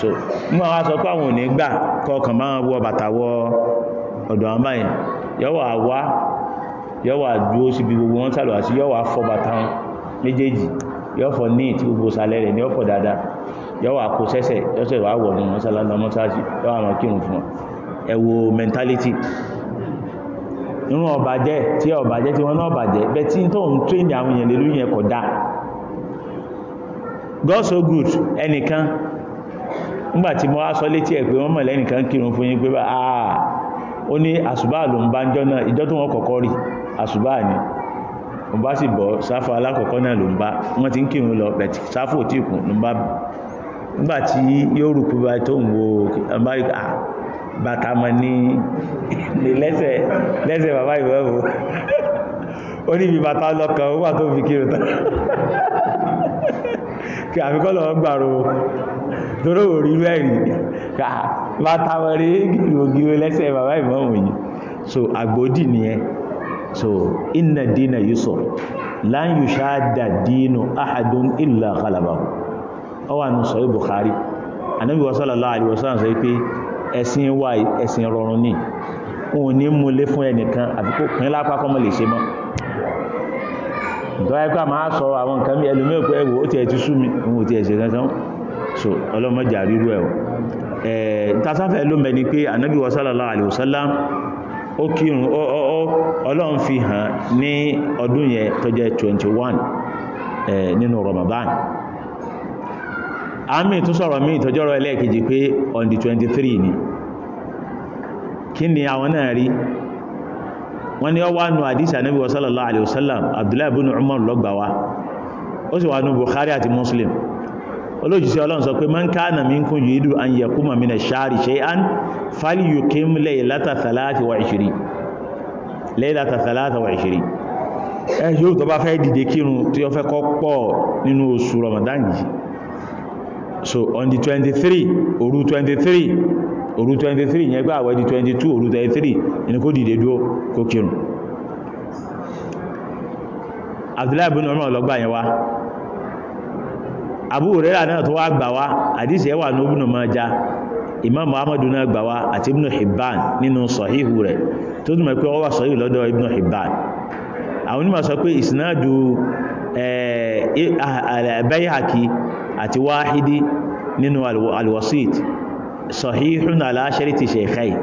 so mú àwọn aṣọ pé àwọn ò ní gbà kọkàn máa wọ bàtà wọ ọ̀dọ̀ àwọn báyẹn yọ́wọ́ àwá yọ́wọ́ àdúró síbi gbogbo wọn sàlọ̀ àti yọ́wọ́ àfọ́ bàtà wọn méjèèjì yọ́fọ̀ ní ìtí gbogbo sàlẹ̀ rẹ̀ ní dáadáa yọ́wọ́ àkóṣẹ́sẹ̀ yọ́sẹ̀ wà wọ̀ ní wọn sálá ẹ̀wò mentality irun ọ̀bàjẹ́ tí ọ̀bàjẹ́ tí wọ́n náà bàjẹ́ bẹ́ tí tó ń tréní àwọn èèyàn lè yẹn kọ̀ dá God so good ẹnìkan nígbàtí mo á sọ létí ẹ̀ pé wọ́n mọ̀ lẹ́nìkan kírun fún yín pé bá ah, àà ó ní ló ń bá ń tó wọ́n ti ń kírun lọ bẹ̀tì sáfò tí ìkùn ló ń bá nígbàtí yóò bàtà mọ̀ ní lẹ́sẹ̀ lẹ́sẹ̀ bàbá ìmáàmù ó ní ibi bàtà lọ́kàn ó wà tó fi kírun tán kí àfikọ́ lọ́wọ́ gbàrò tóró òrí rẹ́rì bàtà mọ̀ rí gírígírí lẹ́sẹ̀ bàbá ìmáàmù yìí so àgbòdì nìyẹn so inna dina yusuf lan yushadda dinu ahadun illa ghalabahu ó wà nù sọ Bukhari Ànábì sallallahu alaihi wasallam sọ pé ẹ̀sìn wa ẹ̀sìn rọrùn ni wọn ò ní múlé fún ẹnìkan àti kò pín lápá lè ṣe mọ́ ìtọ́wá ipá máa sọ àwọn nǹkan mi ẹlòmíràn pé ẹwò ó tiẹ̀ ti sú mi òun ò tiẹ̀ ṣe so ọlọ́mọdé àríwú ẹ̀ ẹ̀ tasáfẹ́ ló mẹ́ni pé ànábì wa sallallahu alaihi wasallam ó kírun ọlọ́run fi hàn ní ọdún yẹn tó 21 nínú Ramadan àmì tó sọ̀rọ̀ mí ìtọ́jọ́rọ̀ ẹlẹ́ẹ̀kejì pé on the 23 ni kí ni àwọn náà rí wọ́n ní ó wá nù àdísì ànábì sallallahu alaihi wasallam abdullahi ibn umar lọ́gbà wa ó sì wà nù bukhari àti muslim olójúsí ọlọ́run sọ pé man kana minkum yuridu an yakuma mina shari shay'an falyukim laylata thalatha wa ishiri laylata thalatha wa ishiri ẹ yóò tó bá fẹ́ dìde kírun tí ó fẹ́ kọ́ pọ̀ nínú oṣù ramadan yìí so on the 23 òru 23 òru 23 yẹn gbà àwẹ̀ di 22 òru 23 inú kó dìde dúó kó kírun Abdullahi bin Umar ló gbà yẹn wá Abu Hurairah náà tó wá gbà wá àdísì ẹwà ní Ibn Majah Imam Muhammadu náà gbà wá àti Ibn Hibban nínú sọ̀híhù rẹ̀ tó túnmọ̀ pé ó wà sọ̀híhù lọ́dọ̀ Ibn Hibban àwọn onímọ̀ sọ pé ìsìnáàdù ẹ̀ẹ́ eh, al-Bayhaqi àti Wahidi nínú al-Wasit sahihun ala sharti shaykhayn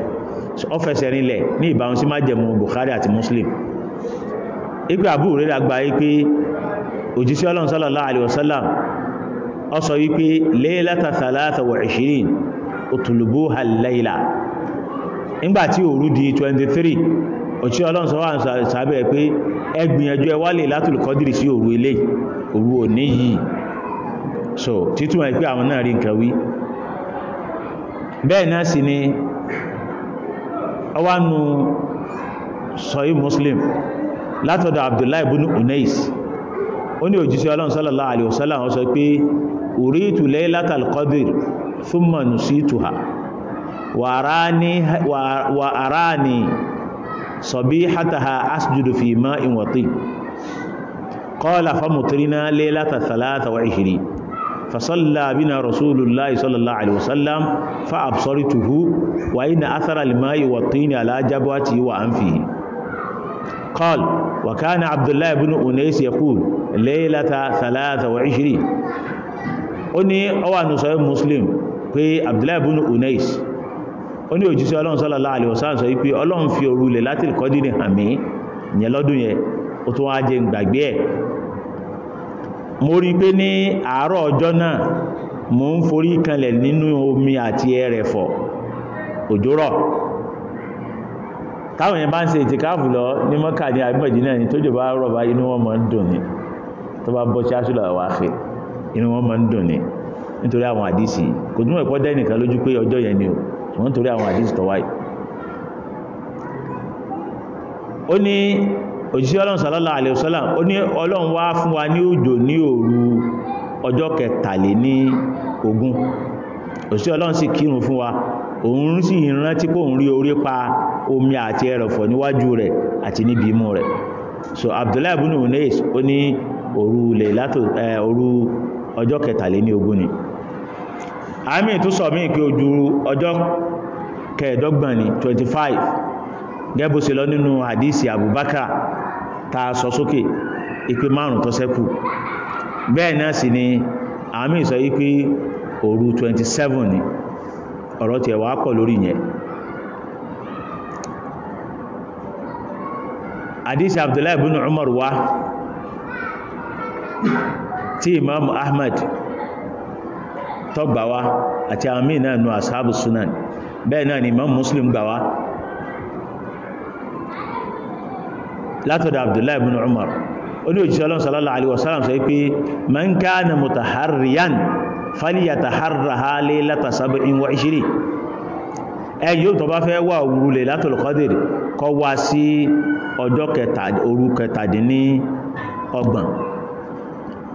ó fẹsẹ̀ rinlẹ̀ ní ìbáwọn sí májẹ̀mú Bukhari àti Muslim ipe Abu Hurairah gba wípé òjíṣẹ́ Ọlọ́run sallallahu alaihi wasallam 23 òtí ọlọ́run sọ wà sábẹ́ pé ẹ gbìyànjú ẹ wálè látùlù kọ́dìrì sí òru ilé òru òní yìí so títúmọ̀ pé àwọn náà rí nǹkan wí bẹ́ẹ̀ náà sì ni ọwá nu sọ̀yí muslim látọ̀dọ̀ abdullahi bin unais ó ní òjíṣẹ́ ọlọ́run sallallahu alaihi wasallam ó sọ pé uritu laylatal صبيحتها أسجد في ماء وطين قال فمطرنا ليلة ثلاثة وعشرين فصلى بنا رسول الله صلى الله عليه وسلم فأبصرته وإن أثر الماء والطين على جبهته وأنفه قال وكان عبد الله بن أنيس يقول ليلة ثلاثة وعشرين أني أوان صحيح مسلم في عبد الله بن أنيس ó ní òjíṣẹ́ ọlọ́run sallallahu alaihi wasallam sọ wípé ọlọ́run fi òru lẹ̀ láti kọ́ dínì àmì ìyẹn lọ́dún yẹn ó tún wá jẹ ìgbàgbé ẹ̀ mo rí pé ní àárọ̀ ọjọ́ náà mo ń forí kanlẹ̀ nínú omi àti ẹrẹ̀fọ̀ òjò rọ̀ táwọn yẹn bá ń ṣe ìtìkáàfù lọ ní mọ́kà ní àbíbọ̀dì náà ni tójò bá rọ̀ bá inú wọn máa ń dùn ni tó bá bọ́ ṣáṣúlà wá fè inú wọn máa ń dùn ni nítorí àwọn àdìsí kò túnmọ̀ ìpọ́dẹ́ lójú pé ọjọ́ yẹn ni o wọ́n torí àwọn àdíjì tó wáyé ó ní òjíṣẹ́ ọlọ́run sallallahu alaihi wasallam ó ní ọlọ́run wá fún wa ní òjò ní òru ọjọ́ kẹtàlé ní ogún òjíṣẹ́ ọlọ́run sì kírun fún wa òun sì rántí pé òun rí orí pa omi àti ẹrọ̀fọ̀ níwájú rẹ̀ àti níbi imú rẹ̀ so Abdullahi ibn Unais ó ní òru lè látò eh, òru ọjọ́ kẹtàlé ní ogún ni àmì tó sọ mí kí ojú ọjọ́ kẹẹ̀dọ́gbọ̀n ní 25 gẹ́bù sí lọ nínú hadisi Abubakar ta sọ sókè ìpé márùn tó sẹ́kù bẹ́ẹ̀ náà sì ni àmì sọ wípé òru 27 ni ọ̀rọ̀ tí ẹ̀wà pọ̀ lórí yẹn hadisi Abdullahi ibn Umar wa tí Imam Ahmad tọ́gbà wá àti àwọn míì náà nù asáàbù sunan bẹ́ẹ̀ náà ni imam muslim gbà wá látọ̀dọ̀ abdullahi ibn umar ó ní òjíṣẹ́ ọlọ́run sallallahu alaihi wasallam sọ pé man kana mutaharriyan falyataharraha laylata sab'in wa ishrin ẹ yóò tó bá fẹ́ wà òru lè látọ̀lù wá sí ọjọ́ kẹtàdínní ọgbọ̀n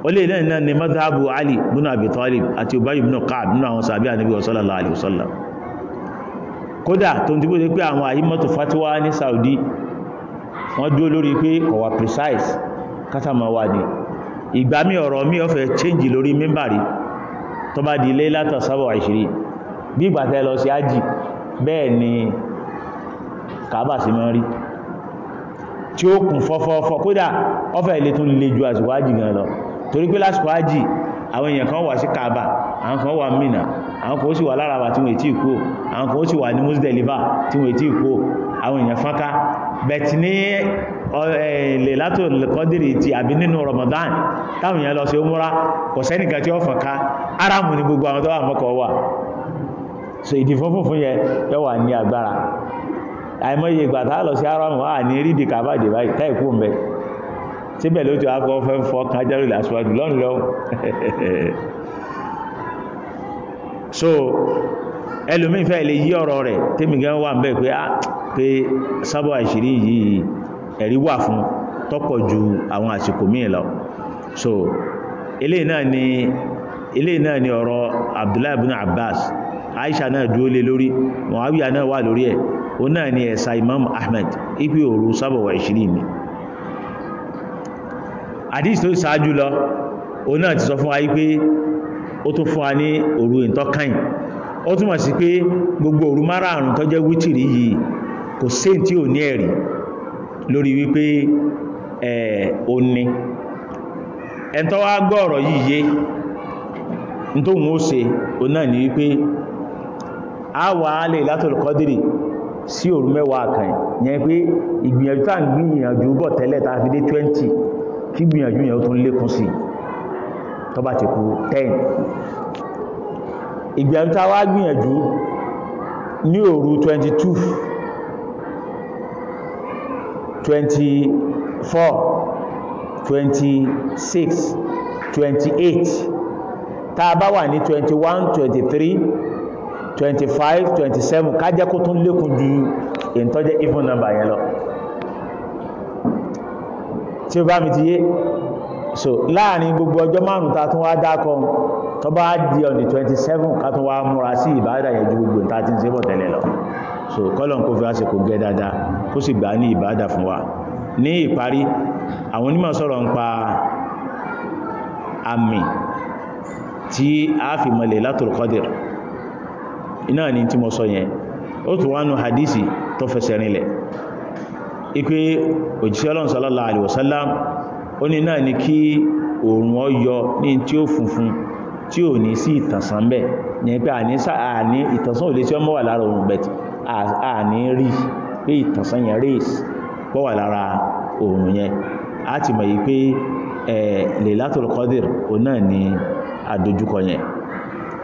olè náà náà ni mazhabu ali bin abi talib àti ubayi bin kaab nínú àwọn sàbí ànábì sallallahu alaihi wasallam kódà tó ń tí bó ṣe pé àwọn àyímọ́tò fatiwa ní saudi wọ́n dúró lórí pé ọ̀wà precise kásàmà wà ní ìgbà mí ọ̀rọ̀ mí ọ̀fẹ́ change lórí mímbàrí tó bá di Laylata sábọ̀ àṣírí bí ìgbà tẹ́ lọ sí ájì bẹ́ẹ̀ ni kàábà sí mọ́ rí tí ó kún fọ́fọ́fọ́ kódà ọ̀fẹ́ ilé tún le ju àsìkò ájì gan lọ torí pé lásìkò ájì àwọn èèyàn kan wà sí kaaba àwọn kan wà Mina àwọn kan ó sì wà lára wà tí wọ́n ètí ìkó àwọn kan ó sì wà ní Musdelifa tí wọ́n ètí ìkó àwọn èèyàn fánká bẹ̀tì ní ilẹ̀ látò lẹ́kọ́dìrì ti àbí nínú Ramadan táwọn èèyàn lọ sí omúra kò sẹ́nìkan tí ó fànká áramù ní gbogbo àwọn tó wà mọ́kọ̀ wà so ìdí fúnfún fún yẹ yóò wà ní agbára àìmọye ìgbà tá lọ sí áramù wà ní rídìí kàbàdì báyìí táìkú mbẹ́ síbẹ̀ ló ti akọ fẹ́ fọ́ kájárì làṣíwájú lọ́n lọ so ẹlòmíì fẹ́ lè yí ọ̀rọ̀ rẹ̀ tèmi gan wà bẹ́ẹ̀ pé a ah, pé sábọ̀ àṣírí yìí ẹ̀rí wà fún tọ́pọ̀ ju àwọn àsìkò míì lọ so eléyìí náà ni eléyìí náà ni ọ̀rọ̀ Abdullahi ibn Abbas Aisha náà dúó lé lórí Muawiya náà wà lórí ẹ̀ òun náà ni ẹ̀sà Imam Ahmed ipi òru sábọ̀ àṣírí mi àdíṣì tó ṣáájú lọ o náà ti sọ fún ayé pé ó tó fún wa ní òru ìtọ́kàn ó túnmọ̀ sí pé gbogbo òru mara àrùn jẹ́ wítìrí yìí kò sí tí ò ní ẹ̀rí lórí wípé ẹ̀ o ní yìí yé ó o a wà á lè sí kí gbìyànjú yẹn ó tún lékún sí tó bá ti kú 10 ìgbìyànjú tá wá gbìyànjú ní òru 22 24 26 28 tá a bá wà ní 21 23 25 27 ká jẹ́ kó tún lékún ju ìntọ́jẹ́ even number yẹn lọ tí ó bá mi ti yé so láàrin gbogbo ọjọ́ márùn ta tún wá dákọ tó bá di on the 27 ká tún wá múra sí ìbádà yẹn ju gbogbo ta ti ń sébọ̀ tẹ́lẹ̀ lọ so kọ́lọ̀n kó fi wá sí kò gẹ́ dáadáa kó sì gbà ní ìbádà fún wa ní ìparí àwọn onímọ̀ sọ̀rọ̀ ń pa àmì tí a fi mọ̀lẹ̀ látòrò kọ́dìr iná ni tí mo sọ yẹn ó tún wá hadisi tó fẹsẹ̀ rinlẹ̀ Ikwe ojise ọlọ́run sallallahu alaihi wasallam ó ní náà ni kí oòrùn ó yọ ní tí ó funfun tí ò ní sí ìtànsán bẹ̀ ní pé àní ìtànsán ò lè tí ó mọ́ wà lára oòrùn bẹ̀ àní rí pé ìtànsán yẹn race pọ́ wà lára yẹn a ti mọ̀ yí pé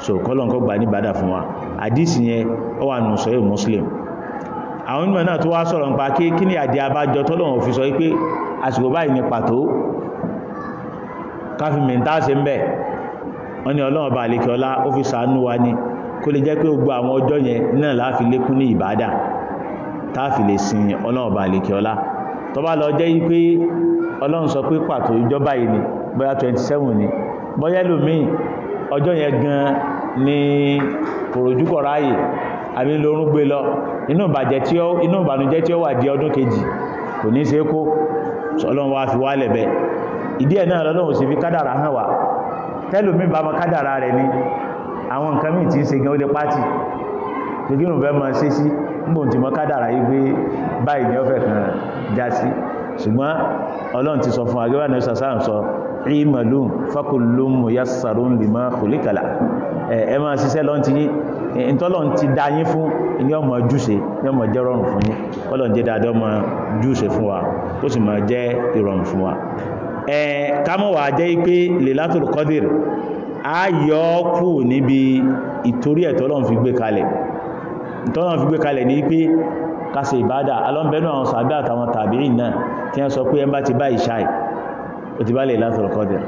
so gbà ní bàdà fún wa àdísì yẹn ó wà nù àwọn onímọ̀ náà tó wá sọ̀rọ̀ nípa kí kí ni àdí abájọ tọ́lọ̀wọ̀n fi sọ wípé àsìkò báyìí ní pàtó káfí mẹ́ntáàsì ń bẹ̀ wọ́n ní ọlọ́run ọba àlekè ọlá ó fi sàánú wa ni kó lè jẹ́ pé gbogbo àwọn ọjọ́ yẹn náà láàfi lékún ní ìbádà táàfi lè sin ọlọ́run ọba àlekè ni bóyá 27 ni bóyá lòmíì ni kòròjú kọ̀ ráyè àbí lórún gbé lọ inú ìbàjẹ́ tí ó inú ìbànújẹ́ tí ó wà di ọdún kejì kò ní ṣe kó ọlọ́run wa fi wálẹ̀ bẹ́ẹ̀ ìdí ẹ̀ náà lọ́lọ́run sì fi kádàrà hàn wá tẹ́lòmí bá mọ kádàrà rẹ̀ ni àwọn nǹkan míì ti ń ṣe gan ó lè pátì gbogbo ìrùn fẹ́ máa ṣe sí nígbòhùn tí mọ kádàrà yìí gbé báyìí ni ó fẹ́ kàn já sí ṣùgbọ́n ọlọ́run ti sọ fún agbẹ́wà ní sàṣàrùn sọ ìmọ̀lùm ẹ máa ṣiṣẹ́ ìtọ́lọ̀ ti dá yín fún ní ọmọ júṣe ní ọmọ jẹ́ rọrùn fún yín ọlọ́n jẹ́ dáadọ́ ọmọ júṣe fún wa tó sì máa jẹ́ ìrọ̀rùn fún wa ẹ kámọ̀wà jẹ́ pé Lailatul Qadr a yọ kù níbi ìtorí ẹ̀tọ́lọ́n fi gbé kalẹ̀ ìtọ́lọ́n fi gbé kalẹ̀ ní pé kásẹ̀ ìbádà alọ́nbẹ́nu àwọn sàbẹ́ àtàwọn tàbíìn náà tí wọ́n sọ pé ẹ bá ti bá ìṣáì ó ti bá Lailatul Qadr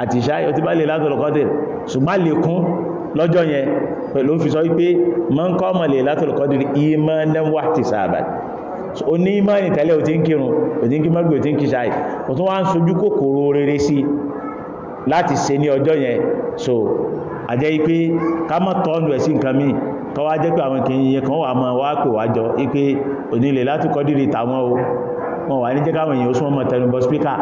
àti ìṣá ó ti bá lè látọ̀lọ́ kọ́dìrì ṣùgbọ́n lè kún lọ́jọ́ yẹn pẹ̀lú fi sọ wípé man qama laylatul qadri imanan wa ihtisaban ó ní ìmánì tẹ́lẹ̀ ò ti ń kírun ò ti ń kí mọ́gbì ò ti ń kí ṣáì ò tún wá ń sojú kòkòrò rere sí láti ṣe ní ọjọ́ yẹn so àjẹ́ wípé ká mọ́ tọ́nu ẹ̀ sí nǹkan míì kọ́ wá jẹ́ pé àwọn kìnyìn kan wà máa wá pè wájọ wípé onílé láti kọ́dìrì tàwọn o wọn wà ní jẹ́ káwọn èèyàn ó súnmọ́ tẹnubọ spíkà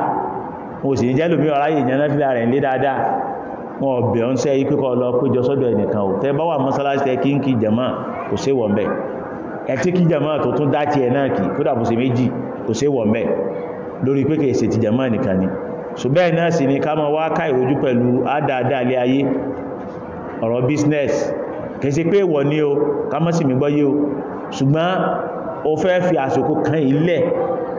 wọn ò sì jẹ́ lómi ọ̀rá èèyàn náà fílà rẹ̀ ń lé dáadáa wọn ọ̀bẹ̀ ọ̀n sẹ́ ikú kọ́ lọ péjọ sọ́dọ̀ ẹnìkan ò tẹ́ bá wà mọ́sálásí tẹ́ kí ń kí jàmá kò sí wọ̀n bẹ́ẹ̀ ẹ tí kí jàmá tó tún dá tiẹ̀ náà kì kódà bó ṣe méjì kò sí wọ̀n bẹ́ẹ̀ lórí pé kì í ṣe ti jàmá nìkan ni so bẹ́ẹ̀ náà sì ni ká máa wá ká ìrojú pẹ̀lú ádáadáa ilé ayé ọ̀rọ̀ business kì í ṣe pé ìwọ ni o ká má sì mí gbọ́ yé o ṣùgbọ́n o fẹ́ fi àsìkò kan ilẹ̀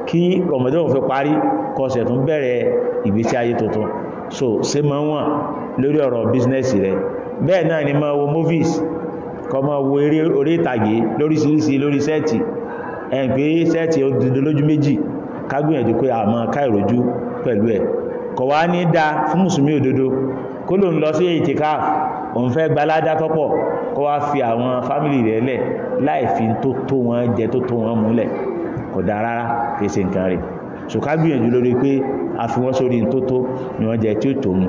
kí Ramadan fi parí kọsẹ̀ tún bẹ̀rẹ̀ ìgbésí ayé tuntun so ṣe máa wọ́n lórí ọ̀rọ̀ bísínẹ́sì rẹ̀ bẹ́ẹ̀ náà ni máa wo movies kọ máa wo eré orí ìtàgé lóríṣiríṣi lórí sẹ́ẹ̀tì ẹ̀n pé sẹ́ẹ̀tì òdòdó lójú méjì kágbìyànjú pé a máa ká ìrojú pẹ̀lú ẹ̀ kọ̀ wá ní dá fún mùsùlùmí òdodo kó ló ń lọ sí itikaf òun fẹ́ gbaládá tọ́pọ̀ kó wá fi àwọn fámìlì rẹ̀ lẹ̀ láì fi tó tó wọn jẹ tó tó wọn múlẹ̀ kódà rárá kìí ṣe nǹkan rẹ̀ ṣùkà gbìyànjú lórí pé a fi wọ́n sórí tó tó ni wọ́n jẹ tí ó tó mu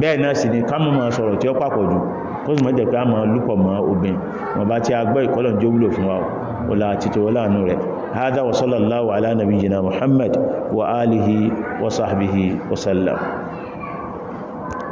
bẹ́ẹ̀ náà sì ni ká mọ̀ mọ̀ sọ̀rọ̀ tí ó papọ̀ jù kó sì mọ̀ jẹ́ pé a mọ̀ lúpọ̀ mọ́ obìnrin wọn bá tí a gbọ́ ìkọ́lọ̀ jó wúlò fún wa ọlá títí wọlá àánú rẹ̀ هذا وصلى الله على نبينا محمد وآله وصحبه وسلم